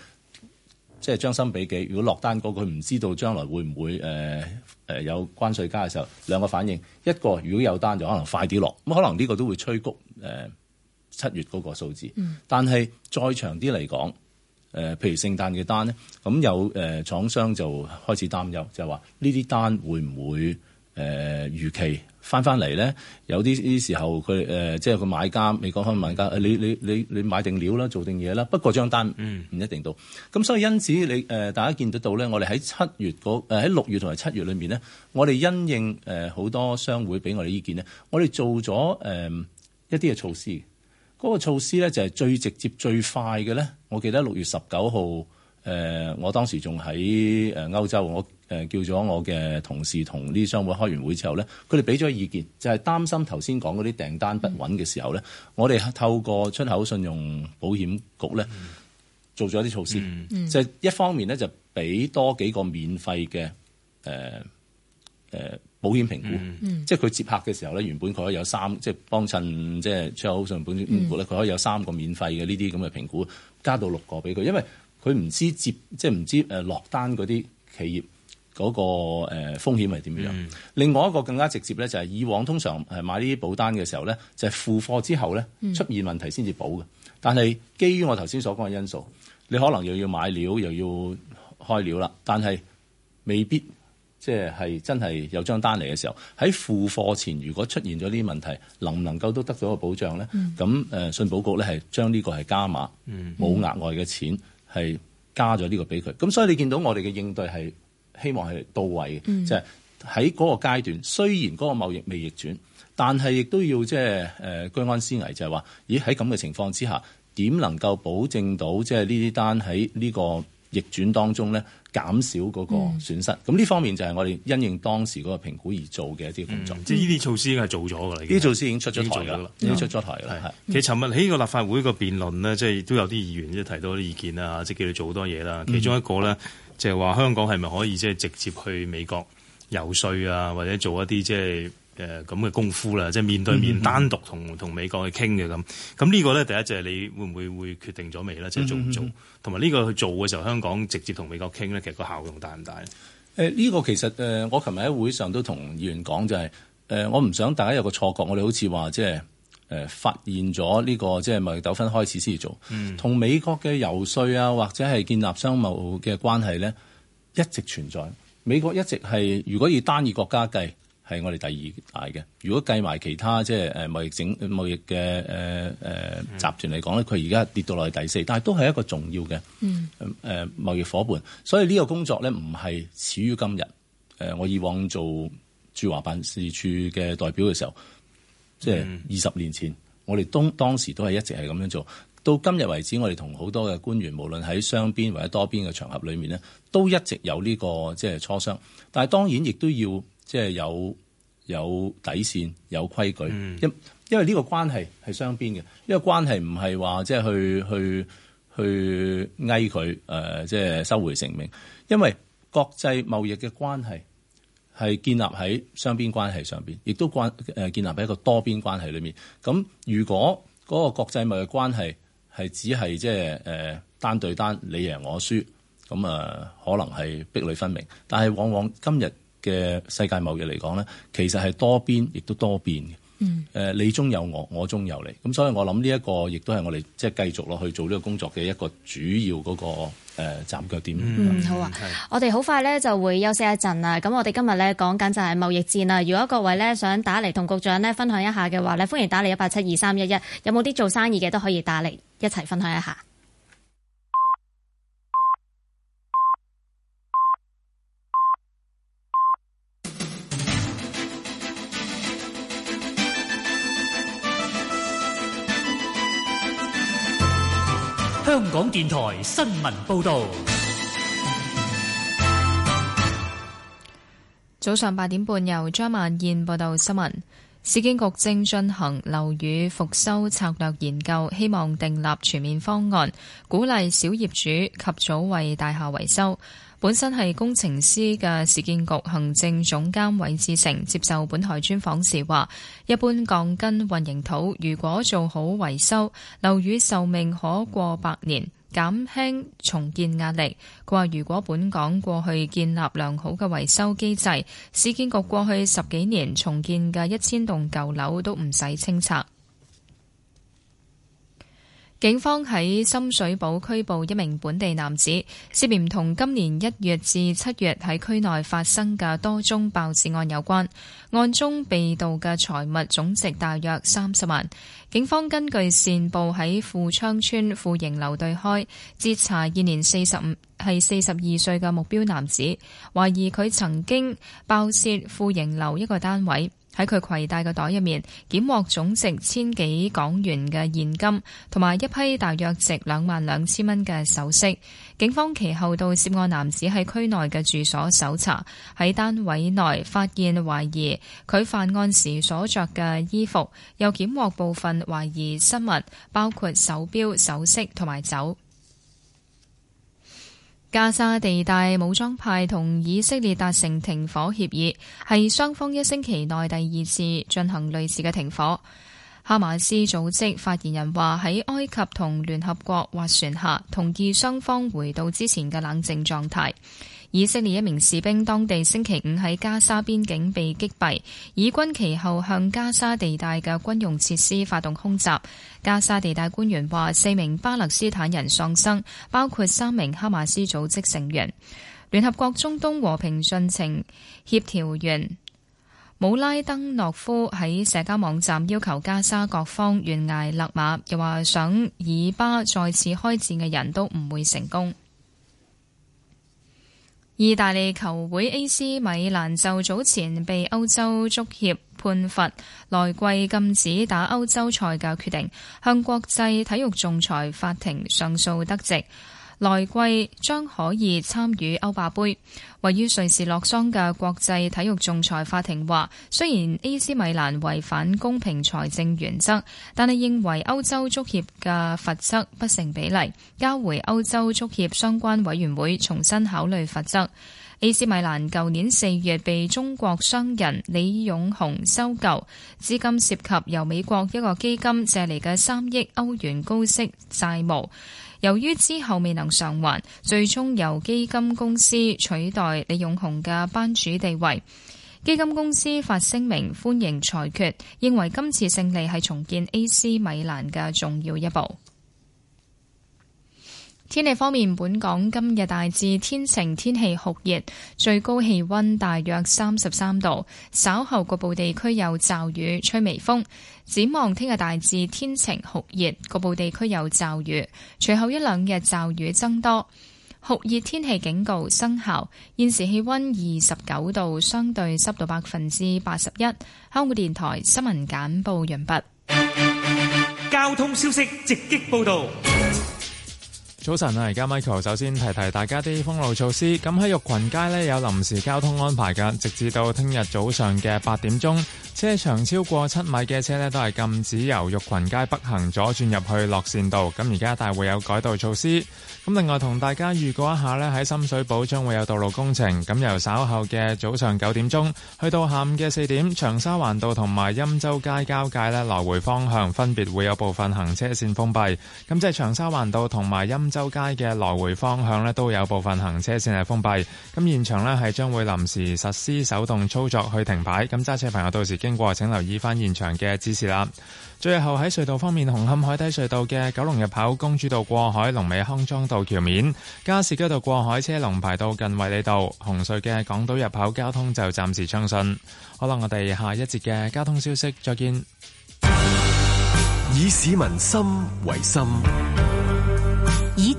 即係將心比己，如果落單嗰個佢唔知道將來會唔會誒、呃、有關稅加嘅時候，兩個反應，一個如果有單就可能快啲落，咁可能呢個都會催谷誒七、呃、月嗰個數字。但係再長啲嚟講。誒、呃，譬如聖誕嘅單咧，咁、嗯、有誒、呃、廠商就開始擔憂，就話呢啲單會唔會誒預、呃、期翻翻嚟咧？有啲啲時候佢、呃、即係個買家，美國可能買家，嗯、你你你你買定料啦，做定嘢啦，不過張單唔唔一定到。咁、嗯、所以因此你，你、呃、誒大家見得到咧，我哋喺七月喺、呃、六月同埋七月裏面咧，我哋因應誒好、呃、多商會俾我哋意見咧，我哋做咗誒、呃、一啲嘅措施。嗰、那個措施咧就係最直接最快嘅咧，我記得六月十九號，誒，我當時仲喺誒歐洲，我誒叫咗我嘅同事同啲商會開完會之後咧，佢哋俾咗意見，就係、是、擔心頭先講嗰啲訂單不穩嘅時候咧、嗯，我哋透過出口信用保險局咧做咗啲措施，嗯、就係、是、一方面咧就俾多幾個免費嘅誒。呃誒、呃、保險評估，嗯、即係佢接客嘅時候咧，原本佢可以有三，即係幫襯，即係出口上保險評估咧，佢可以有三個免費嘅呢啲咁嘅評估，加到六個俾佢，因為佢唔知接，即係唔知誒落單嗰啲企業嗰、嗰個誒、呃、風險係點樣、嗯。另外一個更加直接咧，就係以往通常誒買呢啲保單嘅時候咧，就係付貨之後咧出現問題先至保嘅。但係基於我頭先所講嘅因素，你可能又要買料，又要開料啦，但係未必。即係真係有張單嚟嘅時候，喺付貨前如果出現咗呢啲問題，能唔能夠都得到個保障咧？咁、mm -hmm. 信保局咧係將呢個係加碼，冇、mm -hmm. 額外嘅錢係加咗呢個俾佢。咁所以你見到我哋嘅應對係希望係到位嘅，即係喺嗰個階段，雖然嗰個貿易未逆轉，但係亦都要即係誒居安思危，就係話：咦，喺咁嘅情況之下，點能夠保證到即係呢啲單喺呢個逆轉當中咧？減少嗰個損失，咁呢方面就係我哋因應當時嗰個評估而做嘅一啲工作。即係呢啲措施係做咗㗎啦，呢啲措施已經出咗台啦，已經出咗台啦。係、嗯、係。其實尋日喺個立法會個辯論呢，即係都有啲議員即係提到啲意見啦，即係叫你做好多嘢啦。其中一個咧就係話香港係咪可以即係直接去美國遊說啊，或者做一啲即係，就是誒咁嘅功夫啦，即係面對面、嗯、單獨同同美國去傾嘅咁。咁呢個咧，第一就係你會唔會會決定咗未咧？即係做唔做？同埋呢個去做嘅時候，香港直接同美國傾咧，其實個效用大唔大呢、呃，呢個其實、呃、我琴日喺會上都同議員講就係、係呃、我唔想大家有個錯覺，我哋好似話即係誒發現咗呢、呢個即係、就係、貿易糾紛開始先做，同、嗯、美國嘅遊説啊，或者係建立商貿嘅關係咧，一直存在。美國一直係如果以單二國家計。係我哋第二大嘅。如果計埋其他，即係誒貿易整貿易嘅誒誒集團嚟講咧，佢而家跌到落去第四，但係都係一個重要嘅誒貿易夥伴、嗯。所以呢個工作咧唔係始於今日。誒，我以往做駐華辦事處嘅代表嘅時候，即係二十年前，嗯、我哋當當時都係一直係咁樣做。到今日為止，我哋同好多嘅官員，無論喺雙邊或者多邊嘅場合裏面咧，都一直有呢、呢個即係磋商。但係當然亦都要。即係有有底線，有規矩。因、嗯、因為呢個關係係雙邊嘅，因為關係唔係話即係去去去佢、呃、即係收回成命。因為國際貿易嘅關係係建立喺雙邊關係上面，亦都關、呃、建立喺一個多邊關係裏面。咁如果嗰個國際貿易嘅關係係只係即係誒單對單，你贏我輸，咁啊可能係壁壘分明。但係往往今日。嘅世界貿易嚟講呢，其實係多邊亦都多變嘅。嗯，誒，你中有我，我中有你，咁所以我諗呢一個亦都係我哋即係繼續落去做呢個工作嘅一個主要嗰個誒站腳點。嗯，好啊，我哋好快呢就會休息一陣啦。咁我哋今日呢講緊就係貿易戰啦。如果各位呢想打嚟同局長呢分享一下嘅話咧，歡迎打嚟一八七二三一一。有冇啲做生意嘅都可以打嚟一齊分享一下。香港電台新聞報道：早上八點半，由張萬燕報道新聞。市建局正進行樓宇復修策略研究，希望訂立全面方案，鼓勵小業主及早為大廈維修。本身係工程師嘅市建局行政總監韋志成接受本台專訪時話，一般鋼筋混凝土如果做好維修，樓宇壽命可過百年，減輕重建壓力。佢話如果本港過去建立良好嘅維修機制，市建局過去十幾年重建嘅一千棟舊樓都唔使清拆。警方喺深水埗拘捕一名本地男子，涉嫌同今年一月至七月喺區內發生嘅多宗爆竊案有關。案中被盜嘅財物總值大約三十萬。警方根據線報喺富昌村富盈樓對開截查現年四十五係四十二歲嘅目標男子，懷疑佢曾經爆竊富盈樓一個單位。喺佢攜帶嘅袋入面，檢獲總值千幾港元嘅現金，同埋一批大約值兩萬兩千蚊嘅首飾。警方其後到涉案男子喺區內嘅住所搜查，喺單位內發現懷疑佢犯案時所着嘅衣服，又檢獲部分懷疑失物，包括手錶、首飾同埋酒。加沙地帶武裝派同以色列達成停火協議，係雙方一星期內第二次進行類似嘅停火。哈馬斯組織發言人話：喺埃及同聯合國斡旋下，同意雙方回到之前嘅冷靜狀態。以色列一名士兵當地星期五喺加沙邊境被擊斃，以軍其後向加沙地帶嘅軍用設施發動空襲。加沙地帶官員話：四名巴勒斯坦人喪生，包括三名哈馬斯組織成員。聯合國中東和平進程協調員姆拉登諾夫喺社交網站要求加沙各方懸崖勒馬，又話想以巴再次開戰嘅人都唔會成功。意大利球會 AC 米蘭就早前被歐洲足協判罰，來季禁止打歐洲賽嘅決定，向國際體育仲裁法庭上訴得直。來季將可以參與歐霸杯。位於瑞士洛桑嘅國際體育仲裁法庭話，雖然 AC 米蘭違反公平財政原則，但係認為歐洲足協嘅罰則不成比例，交回歐洲足協相關委員會重新考慮罰則。AC 米蘭舊年四月被中國商人李勇鴻收購，資金涉及由美國一個基金借嚟嘅三億歐元高息債務。由於之後未能償還，最終由基金公司取代李永雄嘅班主地位。基金公司發聲明歡迎裁決，認為今次勝利係重建 AC 米蘭嘅重要一步。天氣方面，本港今日大致天晴，天氣酷熱，最高氣溫大約三十三度。稍後局部地區有驟雨，吹微風。展望聽日大致天晴酷熱，局部地區有驟雨，隨後一兩日驟雨增多。酷熱天氣警告生效。現時氣温二十九度，相對濕度百分之八十一。香港電台新聞簡報完畢。交通消息直擊報道。早晨啊！而家 Michael 首先提提大家啲封路措施。咁喺玉群街咧，有臨時交通安排噶，直至到聽日早上嘅八點鐘，車長超過七米嘅車咧都係禁止由玉群街北行左轉入去樂善道。咁而家大會有改道措施。咁另外同大家預告一下咧，喺深水埗將會有道路工程。咁由稍後嘅早上九點鐘去到下午嘅四點，長沙環道同埋欽州街交界咧，來回方向分別會有部分行車線封閉。咁即係長沙環道同埋欽州。周街嘅來回方向都有部分行車線係封閉，咁現場咧係將會臨時實施手動操作去停牌，咁揸車朋友到時經過請留意翻現場嘅指示啦。最後喺隧道方面，紅磡海底隧道嘅九龍入口公主道過海、龍尾康莊道橋面、加士居道過海車龍排到近衛理道，紅隧嘅港島入口交通就暫時暢順。好啦，我哋下一節嘅交通消息再見。以市民心為心。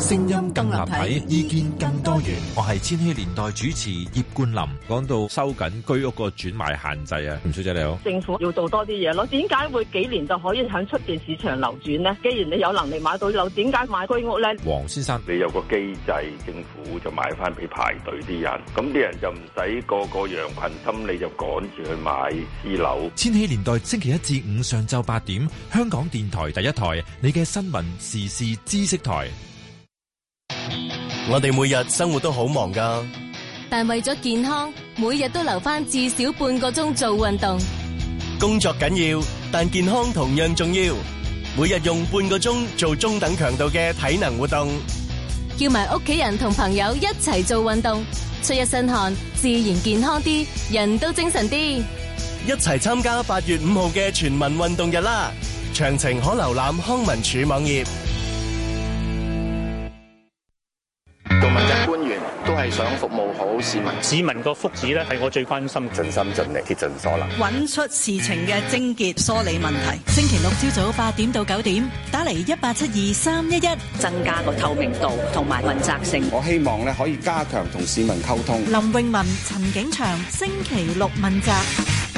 聲音更立體，意見更多元。我係千禧年代主持葉冠霖。講到收緊居屋個轉賣限制啊，吳小姐你好。政府要做多啲嘢咯。點解會幾年就可以響出邊市場流轉呢？既然你有能力買到樓，點解買居屋呢？黃先生，你有個機制，政府就買翻俾排隊啲人，咁啲人就唔使個個羊群心理就趕住去買私樓。千禧年代星期一至五上晝八點，香港電台第一台，你嘅新聞時事知識台。我哋每日生活都好忙㗎，但為咗健康，每日都留返至少半個鐘做運動。工作緊要，但健康同樣重要。每日用半個鐘做中等強度嘅體能活動，叫埋屋企人同朋友一齊做運動，出一身汗，自然健康啲，人都精神啲。一齊參加八月五號嘅全民運動日啦！詳情可瀏覽康文署網頁。係想服務好市民，市民個福祉咧係我最關心，盡心盡力，竭盡所能，揾出事情嘅症結，梳理問題。星期六朝早八點到九點，打嚟一八七二三一一，增加個透明度同埋問責性。我希望咧可以加強同市民溝通。林泳文、陳景祥，星期六問責。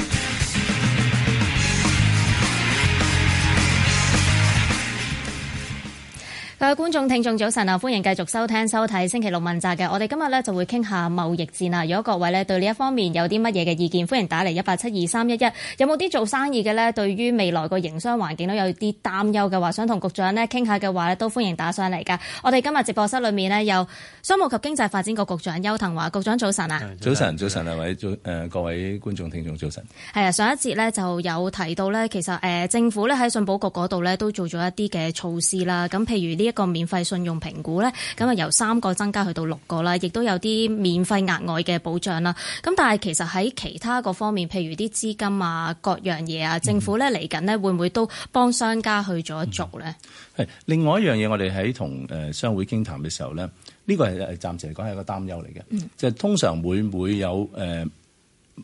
各位觀眾聽眾早晨啊，歡迎繼續收聽收睇星期六問責嘅。我哋今日咧就會傾下貿易戰啦。如果各位咧對呢一方面有啲乜嘢嘅意見，歡迎打嚟一八七二三一一。有冇啲做生意嘅呢？對於未來個營商環境都有啲擔憂嘅話，想同局長咧傾下嘅話咧，都歡迎打上嚟噶。我哋今日直播室裏面呢，有商務及經濟發展局局長邱騰華。局長早晨啊，早晨早晨，兩位，誒各位觀眾聽眾早晨。係啊，上一節呢就有提到呢，其實誒政府呢喺信保局嗰度呢，都做咗一啲嘅措施啦。咁譬如呢一個免費信用評估咧，咁啊由三個增加去到六個啦，亦都有啲免費額外嘅保障啦。咁但係其實喺其他個方面，譬如啲資金啊、各樣嘢啊，政府咧嚟緊呢會唔會都幫商家去做一做咧？另外一樣嘢，我哋喺同誒商會傾談嘅時候咧，呢、這個係暫時嚟講係一個擔憂嚟嘅，就係、是、通常會唔會有誒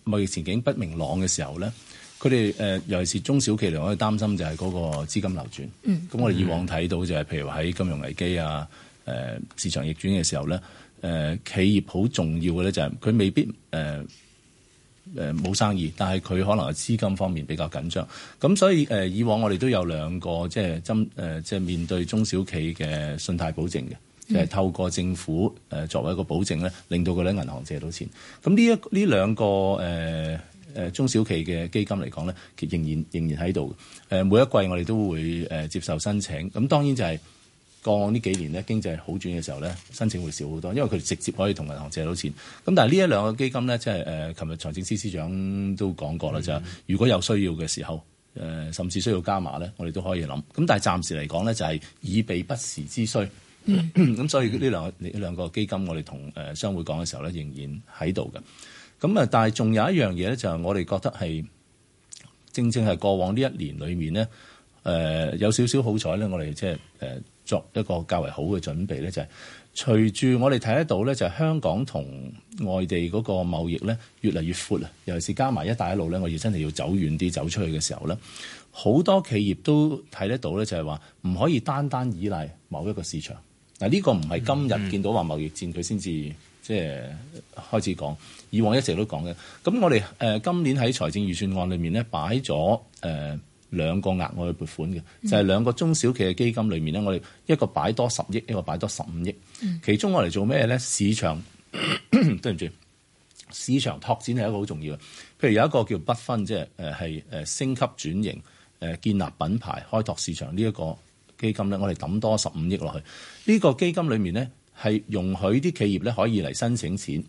貿易前景不明朗嘅時候咧。佢哋誒，尤其是中小企嚟講，我哋擔心就係嗰個資金流轉。嗯。咁我哋以往睇到就係、是，譬如喺金融危機啊、誒、呃、市場逆轉嘅時候咧，誒、呃、企業好重要嘅咧、就是，就係佢未必誒誒冇生意，但係佢可能係資金方面比較緊張。咁所以誒、呃，以往我哋都有兩個即係針即係面對中小企嘅信貸保證嘅，就係、是、透過政府作為一個保證咧，令到佢喺銀行借到錢。咁呢一呢兩個誒。呃呃、中小企嘅基金嚟講咧，仍然仍然喺度、呃。每一季我哋都會、呃、接受申請。咁當然就係過往呢幾年咧，經濟好轉嘅時候咧，申請會少好多，因為佢直接可以同銀行借到錢。咁但係呢一兩個基金咧，即係誒琴日財政司司長都講過啦、嗯，就係、如果有需要嘅時候、呃，甚至需要加碼咧，我哋都可以諗。咁但係暫時嚟講咧，就係、係、以備不時之需。咁、嗯、 [COUGHS] 所以呢兩、嗯、兩個基金，我哋同呃、商會講嘅時候咧，仍然喺度嘅。咁啊！但係仲有一樣嘢咧，就係我哋覺得係正正係過往呢一年裏面咧，誒、呃、有少少好彩咧，我哋即係誒作一個較為好嘅準備咧，就係隨住我哋睇得到咧，就係香港同外地嗰個貿易咧，越嚟越闊啦。尤其是加埋一帶一路咧，我哋真係要走遠啲，走出去嘅時候咧，好多企業都睇得到咧，就係話唔可以單單依賴某一個市場。嗱，呢個唔係今日見到話貿易戰佢先至。即係開始講，以往一直都講嘅。咁我哋誒今年喺財政預算案裏面咧，擺咗誒兩個額外嘅撥款嘅，就係兩個中小企嘅基金裏面咧，我哋一個擺多十億，一個擺多十五億。其中我哋做咩咧？市場 [COUGHS] 對唔住，市場拓展係一個好重要嘅。譬如有一個叫不分，即係誒係誒升級轉型、誒建立品牌、開拓市場呢一個基金咧，我哋抌多十五億落去。呢個基金裏面咧。係容許啲企業咧，可以嚟申請錢，誒、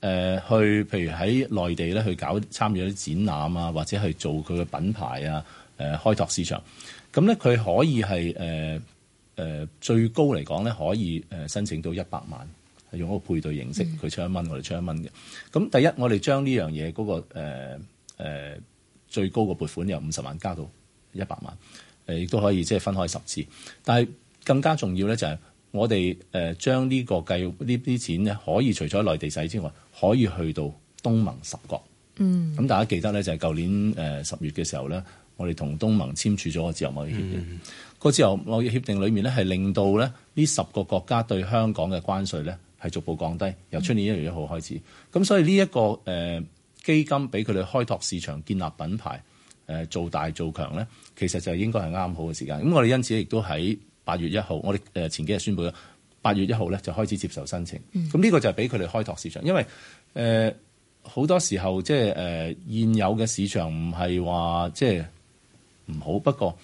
呃、去，譬如喺內地咧去搞參與啲展覽啊，或者去做佢嘅品牌啊，誒、呃、開拓市場。咁咧佢可以係誒誒最高嚟講咧可以誒申請到一百萬，係用一個配對形式，佢、嗯、出一蚊我哋出一蚊嘅。咁第一我哋將呢樣嘢嗰個誒、嗰個呃呃、最高嘅撥款由五十萬加到一百萬，誒亦都可以即係分開十次。但係更加重要咧就係。我哋誒將呢個計呢啲錢咧，可以除咗喺內地使之外，可以去到東盟十國。嗯，咁大家記得咧，就係舊年誒十月嘅時候咧，我哋同東盟簽署咗個自由貿易協定。個、嗯、自由貿易協定裏面咧，係令到咧呢十個國家對香港嘅關稅咧，係逐步降低，由出年一月一號開始。咁、嗯、所以呢、這、一個誒、呃、基金俾佢哋開拓市場、建立品牌、誒、呃、做大做強咧，其實就應該係啱好嘅時間。咁我哋因此亦都喺。八月一號，我哋前幾日宣佈咗，八月一號咧就開始接受申請。咁、嗯、呢個就係俾佢哋開拓市場，因為誒好、呃、多時候即係誒、呃、現有嘅市場唔係話即係唔好，不過、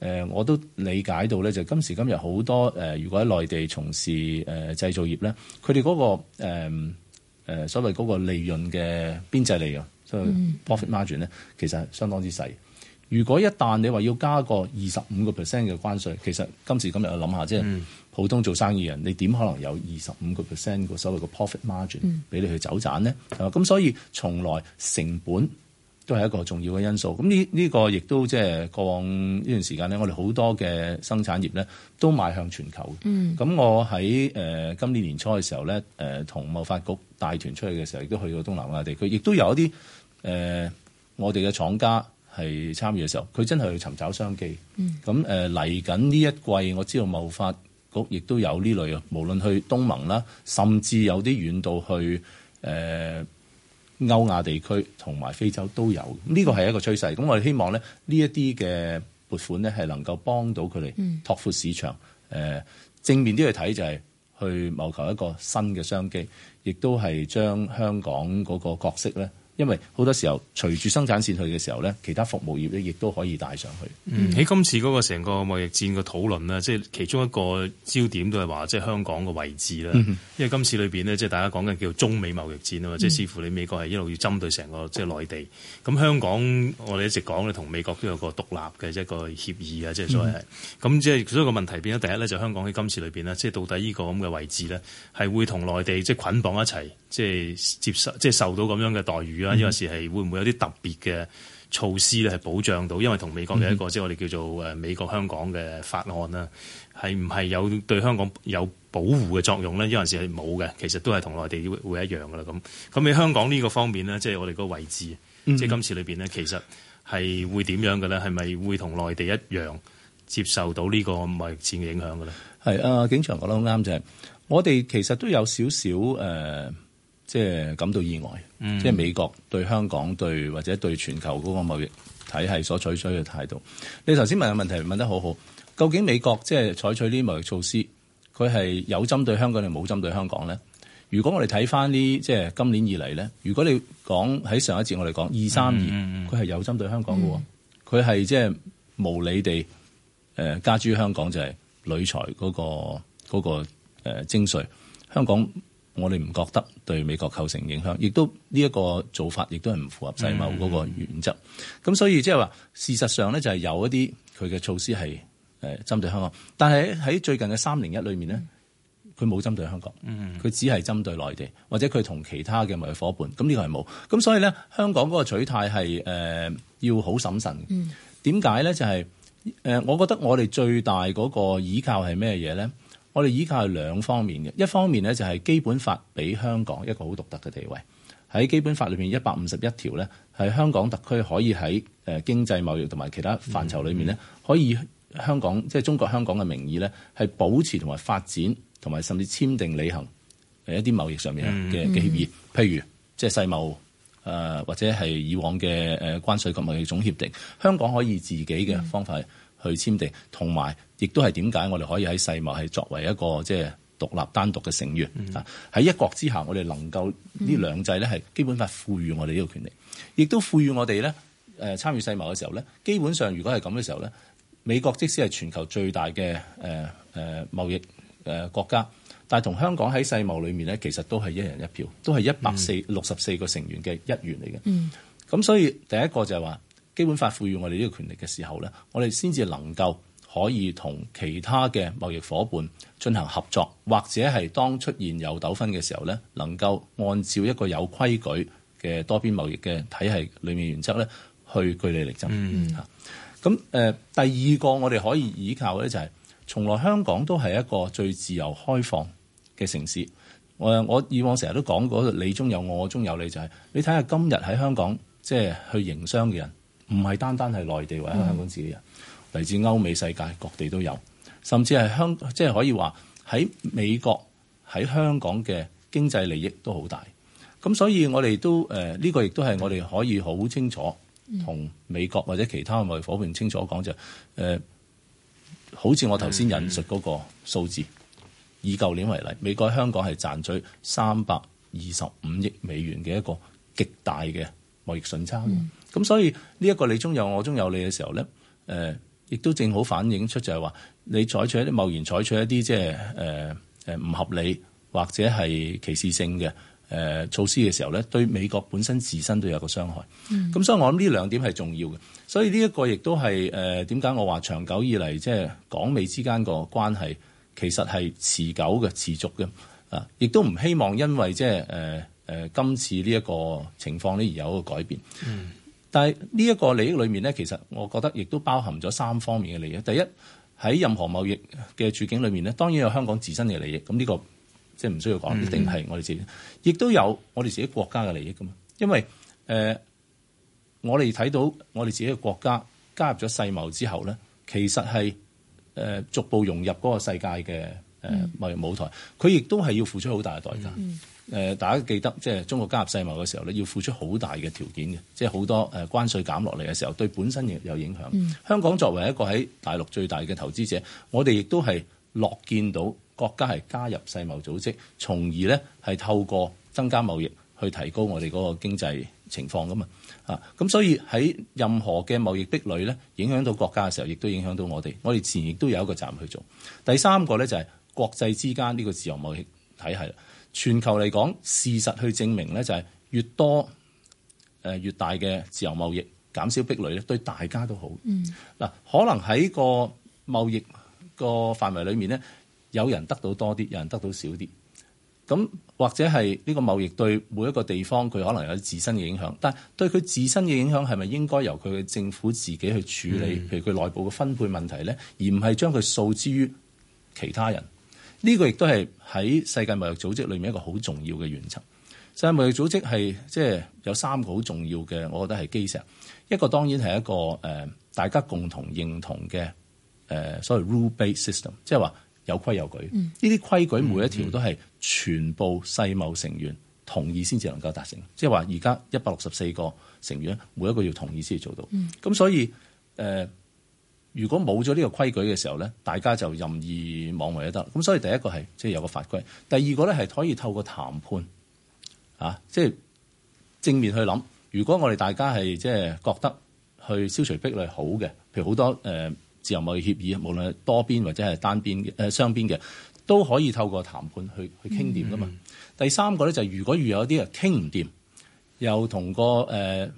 呃、我都理解到咧，就今時今日好多、呃、如果喺內地從事誒、呃、製造業咧，佢哋嗰個誒、呃、所謂嗰個利潤嘅邊際利啊、嗯，所以 profit margin 咧其實相當之細。如果一旦你話要加個二十五個 percent 嘅關稅，其實今時今日我諗下，即係普通做生意人，你點可能有二十五個 percent 個所謂嘅 profit margin 俾你去走賺咧？係、嗯、嘛？咁所以從來成本都係一個重要嘅因素。咁呢呢個亦都即係過往呢段時間咧，我哋好多嘅生產業咧都邁向全球。咁、嗯、我喺誒、呃、今年年初嘅時候咧，誒、呃、同貿發局帶團出去嘅時候，亦都去過東南亞地區，亦都有一啲誒、呃、我哋嘅廠家。係參與嘅時候，佢真係去尋找商機。咁誒嚟緊呢一季，我知道貿發局亦都有呢類，無論去東盟啦，甚至有啲遠度去誒、呃、歐亞地區同埋非洲都有。呢個係一個趨勢。咁我哋希望咧，呢一啲嘅撥款咧，係能夠幫到佢哋拓闊市場。嗯呃、正面啲去睇，就係去謀求一個新嘅商機，亦都係將香港嗰個角色咧。因為好多時候隨住生產線去嘅時候咧，其他服務業咧亦都可以帶上去。喺、嗯、今次嗰個成個貿易戰嘅討論咧，即係其中一個焦點都係話，即係香港嘅位置啦、嗯。因為今次裏邊呢，即係大家講緊叫中美貿易戰啊嘛，即、嗯、係、就是、似乎你美國係一路要針對成個即係內地。咁香港我哋一直講咧，同美國都有個獨立嘅一個協議啊，即係所謂係。咁、嗯、即係所以個問題變咗，第一咧就是、香港喺今次裏邊呢，即係到底呢個咁嘅位置咧，係會同內地即係捆綁一齊，即係接受即係受到咁樣嘅待遇。有陣時係會唔會有啲特別嘅措施咧，係保障到？因為同美國嘅一個即係、嗯、我哋叫做誒美國香港嘅法案啦，係唔係有對香港有保護嘅作用咧？有陣時係冇嘅，其實都係同內地會一樣噶啦。咁咁喺香港呢個方面呢，即、就、係、是、我哋個位置，嗯、即係今次裏邊呢，其實係會點樣嘅咧？係咪會同內地一樣接受到呢個貿易戰嘅影響嘅咧？係啊，景祥講得好啱，就係、是、我哋其實都有少少誒。呃即係感到意外，嗯、即係美國對香港對或者對全球嗰個貿易體系所採取嘅態度。你頭先問嘅問題問得好好，究竟美國即係採取呢啲貿易措施，佢係有針對香港定冇針對香港咧？如果我哋睇翻呢即係今年以嚟咧，如果你講喺上一節我哋講二三二，佢係有針對香港嘅喎，佢、嗯、係、嗯、即係無理地、呃、加諸香港就係鋁材嗰個嗰、嗰個徵稅、呃，香港。我哋唔覺得對美國構成影響，亦都呢一、這個做法亦都係唔符合世貿嗰個原則。咁、嗯、所以即係話事實上咧，就係有一啲佢嘅措施係誒針對香港，但係喺最近嘅三零一裏面咧，佢冇針對香港，佢、嗯、只係針對內地或者佢同其他嘅貿易伙伴。咁呢個係冇。咁所以咧，香港嗰個取態係誒要好審慎。點解咧？就係、是呃、我覺得我哋最大嗰個依靠係咩嘢咧？我哋依靠係兩方面嘅，一方面咧就係基本法俾香港一個好獨特嘅地位，喺基本法裏面一百五十一條咧，係香港特區可以喺誒經濟貿易同埋其他範疇裏面咧、嗯，可以香港即係、就是、中國香港嘅名義咧，係保持同埋發展同埋甚至簽訂履行一啲貿易上面嘅協議、嗯，譬如即係世貿、呃、或者係以往嘅誒關稅及貿易總協定，香港可以自己嘅方法。嗯嗯去簽訂，同埋亦都係點解我哋可以喺世貿係作為一個即係獨立單獨嘅成員啊！喺、嗯、一國之下，我哋能夠呢兩制咧係基本法賦予我哋呢個權利，亦都賦予我哋咧參與世貿嘅時候咧，基本上如果係咁嘅時候咧，美國即使係全球最大嘅誒貿易國家，但同香港喺世貿裏面咧，其實都係一人一票，都係一百六十四個成員嘅一員嚟嘅。嗯，咁所以第一個就係話。基本法賦予我哋呢個權力嘅時候咧，我哋先至能夠可以同其他嘅貿易夥伴進行合作，或者係當出現有糾紛嘅時候咧，能夠按照一個有規矩嘅多邊貿易嘅體系裏面原則咧去據理力爭。嗯，吓，咁誒、呃，第二個我哋可以依靠咧就係、是、從來香港都係一個最自由開放嘅城市。我我以往成日都講過你中有我，我中有你，就是，就係你睇下今日喺香港即係去營商嘅人。唔係單單係內地或者是香港自己人，嚟、嗯、自歐美世界各地都有，甚至係香即係、就是、可以話喺美國喺香港嘅經濟利益都好大。咁所以我哋都誒呢、呃這個亦都係我哋可以好清楚同美國或者其他外夥伴清楚講，就、呃、誒好似我頭先引述嗰個數字，嗯、以舊年為例，美國喺香港係賺取三百二十五億美元嘅一個極大嘅貿易順差。嗯咁所以呢一個你中有我中有你嘅時候咧，亦、呃、都正好反映出就係話，你採取一啲貿然採取一啲即係唔合理或者係歧視性嘅誒、呃、措施嘅時候咧，對美國本身自身都有個傷害。咁、嗯、所以我諗呢兩點係重要嘅。所以呢一個亦都係誒點解我話長久以嚟即係港美之間個關係其實係持久嘅持續嘅啊，亦都唔希望因為即係誒今次呢一個情況咧而有一個改變。嗯但係呢一個利益裏面咧，其實我覺得亦都包含咗三方面嘅利益。第一，喺任何貿易嘅處境裏面咧，當然有香港自身嘅利益，咁、這、呢個即係唔需要講，一定係我哋自己。亦、嗯、都有我哋自己國家嘅利益噶嘛，因為誒、呃，我哋睇到我哋自己嘅國家加入咗世貿之後咧，其實係、呃、逐步融入嗰個世界嘅、呃嗯、貿易舞台，佢亦都係要付出好大嘅代價。嗯誒，大家記得，即係中國加入世貿嘅時候咧，要付出好大嘅條件嘅，即係好多誒關稅減落嚟嘅時候，對本身亦有影響。香港作為一個喺大陸最大嘅投資者，我哋亦都係樂見到國家係加入世貿組織，從而咧係透過增加貿易去提高我哋嗰個經濟情況噶嘛啊。咁所以喺任何嘅貿易壁壘咧影響到國家嘅時候，亦都影響到我哋。我哋前亦都有一個站去做。第三個咧就係國際之間呢個自由貿易體系啦。全球嚟講事實去證明咧，就係越多誒越大嘅自由貿易，減少壁壘咧，對大家都好。嗱、嗯，可能喺個貿易個範圍裏面咧，有人得到多啲，有人得到少啲。咁或者係呢個貿易對每一個地方佢可能有自身嘅影響，但係對佢自身嘅影響係咪應該由佢嘅政府自己去處理？嗯、譬如佢內部嘅分配問題咧，而唔係將佢訴之於其他人。呢、這個亦都係喺世界貿易組織裏面一個好重要嘅原則。世界貿易組織係即係有三個好重要嘅，我覺得係基石。一個當然係一個誒、呃，大家共同認同嘅誒、呃，所謂 rule-based system，即係話有規有矩。呢啲規矩每一條都係全部世貿成員同意先至能夠達成。嗯嗯、即係話而家一百六十四個成員，每一個要同意先至做到。咁、嗯、所以誒。呃如果冇咗呢個規矩嘅時候咧，大家就任意妄為就得。咁所以第一個係即係有個法規，第二個咧係可以透過談判啊，即係正面去諗。如果我哋大家係即係覺得去消除壁壘好嘅，譬如好多誒自由貿易協議，無論係多邊或者係單邊嘅誒雙邊嘅，都可以透過談判去去傾掂噶嘛，嗯嗯。第三個咧就係如果遇有啲人傾唔掂，又同個誒。呃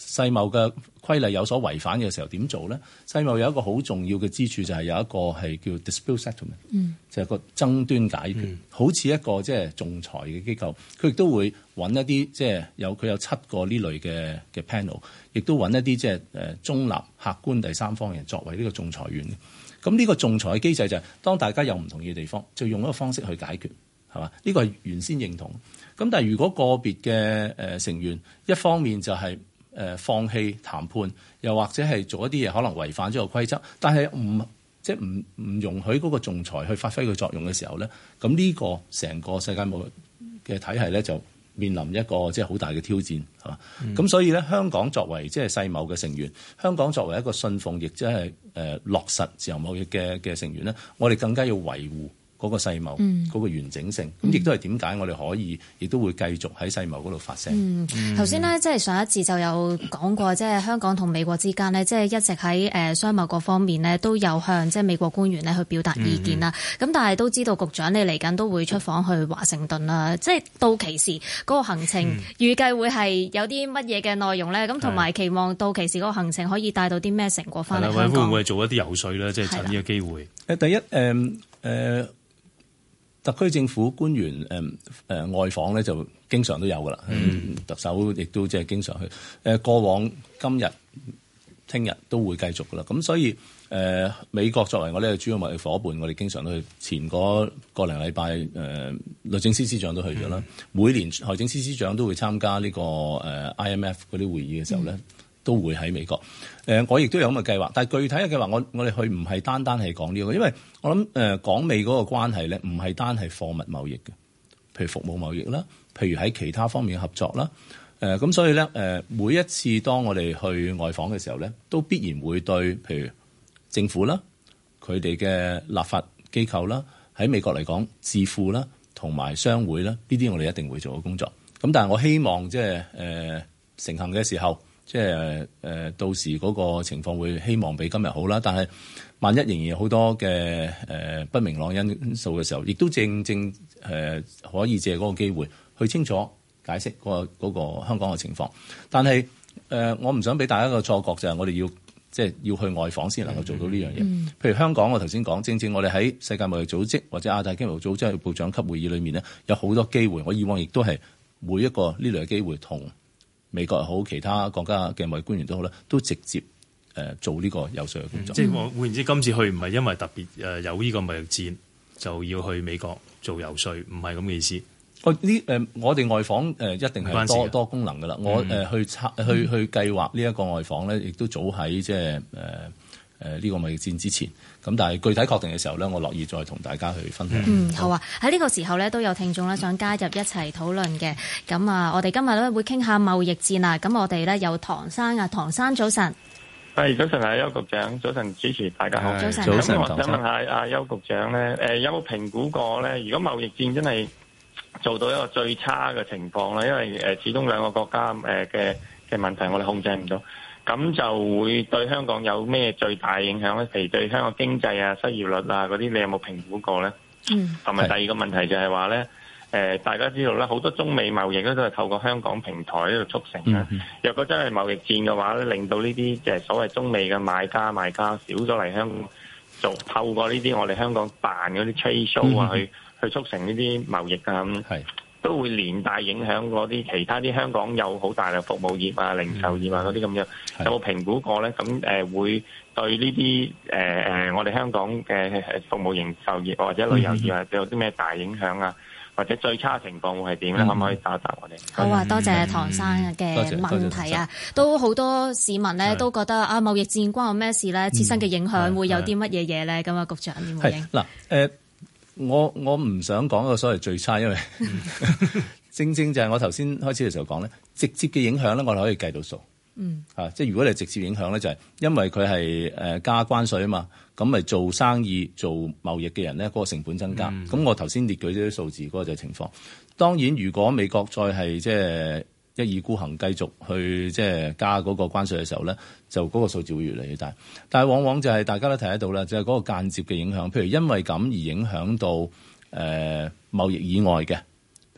世貿嘅規例有所違反嘅時候，點做咧？世貿有一個好重要嘅支柱，就係、是、有一個係叫 dispute settlement，、嗯、就係、是、個爭端解決，嗯、好似一個即係仲裁嘅機構。佢亦都會揾一啲即係有佢有七個呢類嘅嘅 panel，亦都揾一啲即係誒中立、客觀第三方嘅人作為呢個仲裁員嘅。咁呢個仲裁嘅機制就係、是、當大家有唔同意嘅地方，就用一個方式去解決，係嘛？呢、這個係原先認同咁，但係如果個別嘅誒成員一方面就係、是。誒放棄談判，又或者係做一啲嘢可能違反咗個規則，但係唔即係唔唔容許嗰個仲裁去發揮佢作用嘅時候咧，咁呢個成個世界貿易嘅體系咧就面臨一個即係好大嘅挑戰係嘛。咁、嗯、所以咧，香港作為即係世貿嘅成員，香港作為一個信奉亦即係誒落實自由貿易嘅嘅成員咧，我哋更加要維護。嗰、那個世貿，嗰、那個完整性，咁亦都係點解我哋可以，亦都會繼續喺世貿嗰度發聲。嗯，頭先呢，即係上一次就有講過，即、就、係、是、香港同美國之間呢，即、就、係、是、一直喺誒商貿各方面呢，都有向即係美國官員呢去表達意見啦。咁、嗯嗯、但係都知道局長你嚟緊都會出訪去華盛頓啦。即、嗯、係、就是、到期時嗰、那個行程、嗯、預計會係有啲乜嘢嘅內容呢？咁同埋期望到期時嗰、那個行程可以帶到啲咩成果翻嚟香港？會唔會做一啲游說呢？即係趁呢個機會。第一、呃呃特區政府官員、呃呃、外訪咧就經常都有噶啦，mm -hmm. 特首亦都即係經常去。誒、呃、過往今日、聽日都會繼續噶啦。咁所以、呃、美國作為我呢嘅主要貿易夥伴，我哋經常都去。前嗰個零禮拜誒律政司司長都去咗啦。Mm -hmm. 每年律政司司長都會參加呢、這個、呃、IMF 嗰啲會議嘅時候咧。Mm -hmm. 都會喺美國誒、呃，我亦都有咁嘅計劃。但具體嘅計劃，我我哋去唔係單單係講呢個，因為我諗誒、呃、港美嗰個關係咧，唔係單係貨物貿易嘅，譬如服務貿易啦，譬如喺其他方面嘅合作啦。誒、呃、咁，所以咧誒、呃、每一次當我哋去外訪嘅時候咧，都必然會對譬如政府啦，佢哋嘅立法機構啦，喺美國嚟講，智庫啦同埋商會啦，呢啲我哋一定會做嘅工作。咁但係我希望即係誒成行嘅時候。即係誒，到時嗰個情況會希望比今日好啦。但係萬一仍然好多嘅誒不明朗因素嘅時候，亦都正正誒可以借嗰個機會去清楚解釋嗰、嗰、嗰、個嗰個香港嘅情況。但係誒，我唔想俾大家個錯覺就係我哋要即係、就係、要去外訪先能夠做到呢樣嘢。譬如香港，我頭先講正正，我哋喺世界貿易組織或者亞太經貿組織嘅部長級會議裏面咧，有好多機會。我以往亦都係每一個呢類嘅機會同，美國又好，其他國家嘅貿易官員都好咧，都直接誒、呃、做呢個游說嘅工作。嗯、即係換言之，今次去唔係因為特別誒、呃、有呢個貿易戰就要去美國做游說，唔係咁嘅意思。呢、哦、誒、呃，我哋外訪誒、呃、一定係多係多多功能嘅啦。我誒、呃、去策去去計劃呢一個外訪咧，亦都早喺即係誒誒呢個貿易戰之前。咁但係具體確定嘅時候咧，我樂意再同大家去分享。嗯，好啊，喺呢個時候咧都有聽眾咧想加入一齊討論嘅。咁啊，我哋今日咧會傾下貿易戰啊。咁我哋咧有唐生啊，唐生早晨。係早晨啊，邱局長，早晨主持，大家好。早晨，早晨，我想問下啊，邱局長咧，誒有冇評估過咧？如果貿易戰真係做到一個最差嘅情況啦，因為始終兩個國家嘅嘅問題，我哋控制唔到。咁就會對香港有咩最大影響咧？譬如對香港經濟啊、失業率啊嗰啲，你有冇評估過咧？嗯，同埋第二個問題就係話咧，誒大家知道咧，好多中美貿易咧都係透過香港平台喺度促成咧。若、嗯、果真係貿易戰嘅話咧，令到呢啲即係所謂中美嘅買家賣家少咗嚟香港，做透過呢啲我哋香港辦嗰啲 trade show 啊，去、嗯、去促成呢啲貿易啊咁。都會連帶影響嗰啲其他啲香港有好大量服務業啊、零售業啊嗰啲咁樣，有冇評估過咧？咁誒會對呢啲誒我哋香港嘅服務零售業或者旅遊業啊有啲咩大影響啊？或者最差情況會係點咧？可唔可以打答我哋？ [MUSIC] 好啊，多謝唐生嘅問題啊！都好多市民咧都覺得啊，貿易戰關我咩事咧？切、嗯、身嘅影響會有啲乜嘢嘢咧？咁、嗯嗯、啊，局長點樣？係嗱誒。我我唔想講個所謂最差，因為 [LAUGHS] 正正就係我頭先開始嘅時候講咧，直接嘅影響咧，我哋可以計到數、嗯，啊，即係如果你直接影響咧，就係、是、因為佢係誒加關稅啊嘛，咁咪做生意做貿易嘅人咧，嗰、那個成本增加，咁、嗯、我頭先列舉咗啲數字，嗰、那個就係情況。當然，如果美國再係即係。一意孤行繼續去即係加嗰個關稅嘅時候咧，就嗰個數字會越嚟越大。但係往往就係、是、大家都睇得到啦，就係、是、嗰個間接嘅影響，譬如因為咁而影響到誒、呃、貿易以外嘅，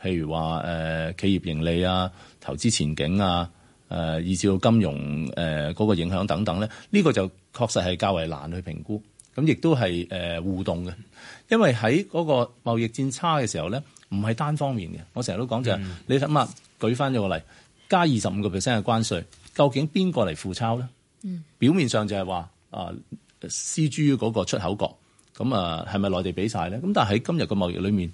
譬如話誒、呃、企業盈利啊、投資前景啊、誒、呃、以致到金融誒嗰、呃那個影響等等咧。呢、這個就確實係較為難去評估，咁亦都係誒互動嘅，因為喺嗰個貿易戰差嘅時候咧。唔係單方面嘅，我成日都講就係你諗下，舉翻咗個例，加二十五個 percent 嘅關稅，究竟邊個嚟付鈔咧？表面上就係話啊，C、G、嗰個出口國，咁啊係咪內地俾晒咧？咁但係喺今日嘅貿易裏面，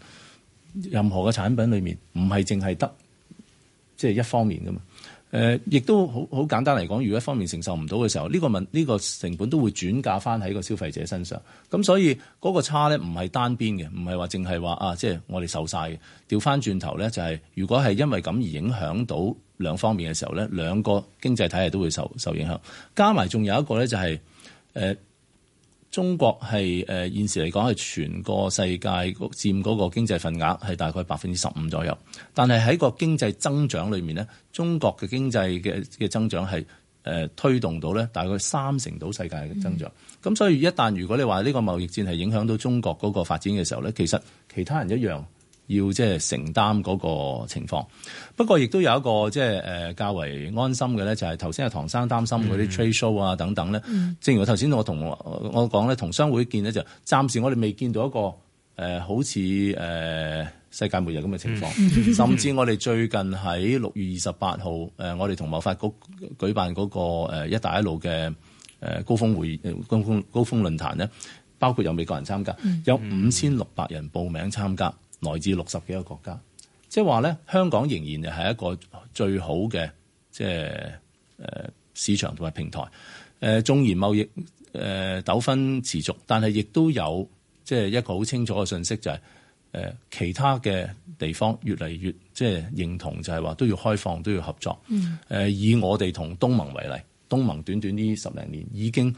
任何嘅產品裏面唔係淨係得即係、就是、一方面噶嘛。誒、呃，亦都好好簡單嚟講，如果一方面承受唔到嘅時候，呢、這個問呢、這個成本都會轉嫁翻喺個消費者身上。咁所以嗰個差咧唔係單邊嘅，唔係話淨係話啊，即、就、係、是、我哋受晒嘅。調翻轉頭咧，就係如果係因為咁而影響到兩方面嘅時候咧，兩個經濟體系都會受受影響。加埋仲有一個咧、就是，就係誒。中國係誒、呃、現時嚟講係全個世界佔嗰個經濟份額係大概百分之十五左右，但係喺個經濟增長裏面呢，中國嘅經濟嘅嘅增長係、呃、推動到咧大概三成到世界嘅增長，咁、嗯、所以一旦如果你話呢個貿易戰係影響到中國嗰個發展嘅時候咧，其實其他人一樣。要即係承擔嗰個情況，不過亦都有一個即、就、係、是呃、較為安心嘅咧，就係、是、頭先阿唐生擔心嗰啲 trade show 啊等等咧。Mm -hmm. 正如剛才我頭先我同我講咧，同商會見咧就暫時我哋未見到一個、呃、好似、呃、世界末日咁嘅情況，mm -hmm. 甚至我哋最近喺六月二十八號我哋同貿發局舉辦嗰個「一帶一路」嘅高峰會高峰高峯論壇咧，包括有美國人參加，有五千六百人報名參加。來自六十幾個國家，即係話咧，香港仍然係一個最好嘅即係誒、呃、市場同埋平台。誒縱然貿易誒糾紛持續，但係亦都有即係一個好清楚嘅信息，就係、是、誒、呃、其他嘅地方越嚟越即係認同，就係話都要開放，都要合作。誒、嗯呃、以我哋同東盟為例，東盟短短呢十零年已經。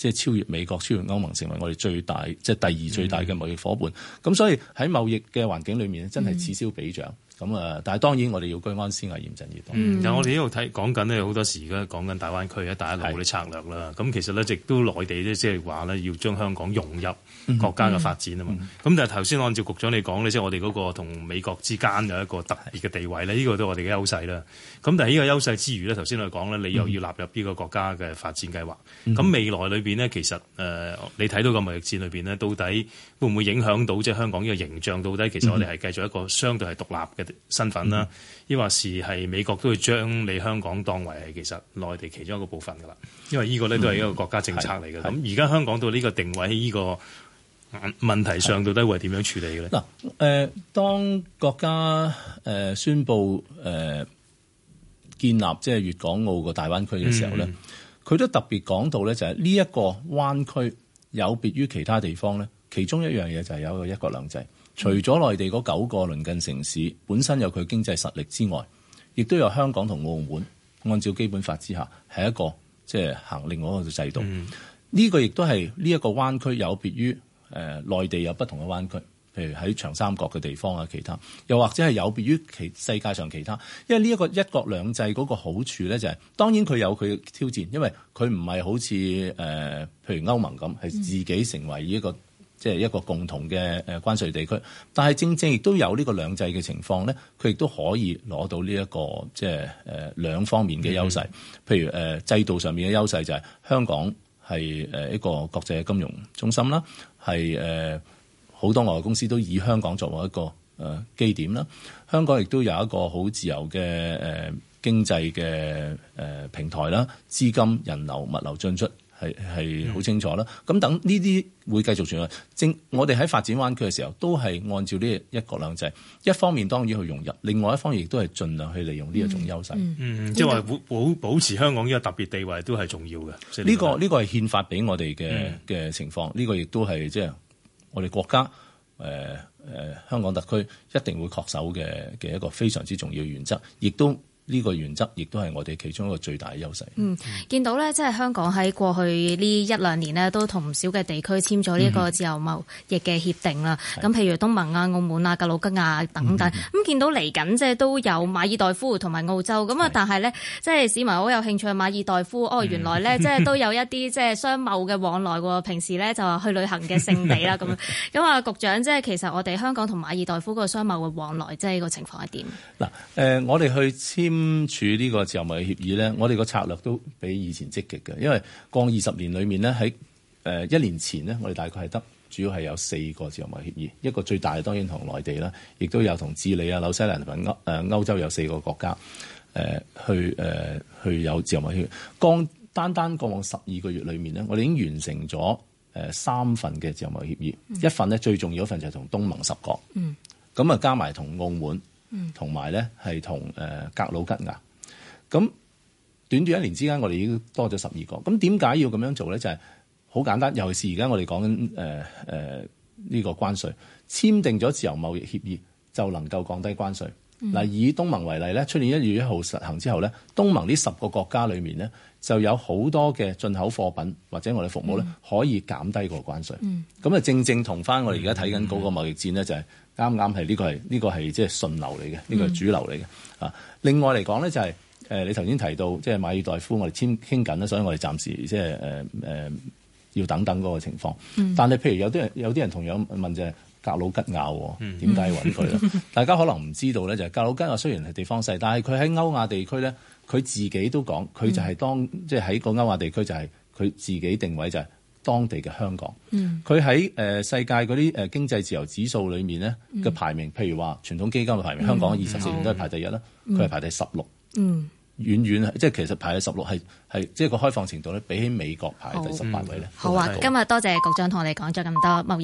即係超越美國、超越歐盟，成為我哋最大，即係第二最大嘅貿易伙伴。咁、嗯、所以喺貿易嘅環境裏面，真係此消彼長。咁、嗯、啊，但係當然我哋要居安思危，嚴陣以待、嗯。但我哋呢度睇講緊咧，好多時而家講緊大灣區啊，一帶一路啲策略啦。咁其實咧，亦都內地咧，即係話咧，要將香港融入。國家嘅發展啊嘛，咁、mm -hmm. 但係頭先按照局長你講你即係我哋嗰個同美國之間有一個特別嘅地位呢、呢個都係我哋嘅優勢啦。咁但係呢個優勢之餘呢，頭先我講呢，你又要納入呢個國家嘅發展計劃。咁、mm -hmm. 未來裏面呢，其實誒、呃，你睇到個貿易戰裏邊呢，到底會唔會影響到即係、就是、香港呢個形象？到底其實我哋係繼續一個相對係獨立嘅身份啦，抑、mm、或 -hmm. 是係美國都會將你香港當為其實內地其中一個部分噶啦？因為呢個呢都係一個國家政策嚟嘅。咁而家香港到呢個定位呢、這個。問題上到底會點樣處理嘅咧？嗱，誒，當國家誒宣佈誒建立即係粵港澳個大灣區嘅時候咧，佢、嗯、都特別講到咧，就係呢一個灣區有別於其他地方咧，其中一樣嘢就係有一個一國兩制。除咗內地嗰九個鄰近城市本身有佢經濟實力之外，亦都有香港同澳門按照基本法之下係一個即係、就是、行另外一個制度。呢、嗯，這個亦都係呢一個灣區有別於。誒，內地有不同嘅灣區，譬如喺長三角嘅地方啊，其他，又或者係有別於其世界上其他，因為呢一個一國兩制嗰個好處咧、就是，就係當然佢有佢嘅挑戰，因為佢唔係好似誒、呃，譬如歐盟咁，係自己成為一個即係一個共同嘅誒關稅地區，但係正正亦都有呢個兩制嘅情況咧，佢亦都可以攞到呢、這、一個即係、呃、兩方面嘅優勢，嗯嗯譬如、呃、制度上面嘅優勢就係、是、香港。係誒一個國際金融中心啦，係誒好多外國公司都以香港作為一個誒基點啦。香港亦都有一個好自由嘅誒經濟嘅誒平台啦，資金、人流、物流進出。係係好清楚啦，咁等呢啲會繼續轉。正我哋喺發展灣區嘅時候，都係按照呢一國兩制。一方面當然去融入，另外一方面亦都係盡量去利用呢一種優勢。嗯，嗯即係話保保保持香港呢個特別地位都係重要嘅。呢、嗯呢個呢、呢個係憲法俾我哋嘅嘅情況，呢、呢個亦都係即係我哋國家誒誒、呃呃、香港特區一定會確守嘅嘅一個非常之重要原則，亦都。呢、呢個原則亦都係我哋其中一個最大嘅優勢。嗯，見到咧，即係香港喺過去呢一兩年呢，都同唔少嘅地區簽咗呢個自由貿易嘅協定啦。咁、嗯、譬如東盟啊、澳門啊、格魯吉亞等等。咁、嗯、見到嚟緊即係都有馬爾代夫同埋澳洲。咁、嗯、啊，但係呢，即係市民好有興趣馬爾代夫、嗯。哦，原來呢，即係都有一啲即係商貿嘅往來喎。平時呢，就話去旅行嘅勝地啦咁。咁、嗯、啊，局長即係其實我哋香港同馬爾代夫個商貿嘅往來即係個情況係點？嗱、呃，我哋去簽。身處呢個自由貿易協議咧，我哋個策略都比以前積極嘅。因為降二十年裏面咧，喺誒一年前咧，我哋大概係得主要係有四個自由貿易協議，一個最大的當然同內地啦，亦都有同智利啊、紐西蘭、同埋歐誒歐洲有四個國家誒、呃、去誒、呃、去有自由貿易協議。降單單過往十二個月裏面咧，我哋已經完成咗誒三份嘅自由貿易協議，嗯、一份咧最重要一份就係同東盟十國，咁、嗯、啊加埋同澳門。同埋咧，係同、呃、格魯吉亞。咁短短一年之間，我哋已經多咗十二個。咁點解要咁樣做咧？就係、是、好簡單。尤其是而家我哋講緊誒呢個關稅，簽訂咗自由貿易協議，就能夠降低關稅。嗱，以東盟為例咧，出年一月一號實行之後咧，東盟呢十個國家裏面咧，就有好多嘅進口貨品或者我哋服務咧、嗯，可以減低個關稅。咁啊，正正同翻我哋而家睇緊嗰個貿易戰咧、嗯，就係、是。啱啱係呢個係呢、這個係即係順流嚟嘅，呢、這個係主流嚟嘅。啊、嗯，另外嚟講咧就係、是、你頭先提到即係、就是、馬爾代夫我，我哋簽傾緊啦，所以我哋暫時即係誒誒要等等嗰個情況、嗯。但係譬如有啲人有啲人同樣問就是、格魯吉亞喎，點解要揾佢咧？嗯、 [LAUGHS] 大家可能唔知道咧，就係、是、格魯吉亞雖然係地方細，但係佢喺歐亞地區咧，佢自己都講，佢就係當即係喺個歐亞地區就係、是、佢自己定位就係、是。當地嘅香港，佢喺誒世界嗰啲誒經濟自由指數裏面呢嘅排名，嗯、譬如話傳統基金嘅排名，香港二十四年都係排第一啦，佢、嗯、係排第十六、嗯，遠遠係即係其實排喺十六係係即係個開放程度咧，比起美國排喺第十八位咧、嗯。好啊，今日多謝，謝局長同我哋講咗咁多。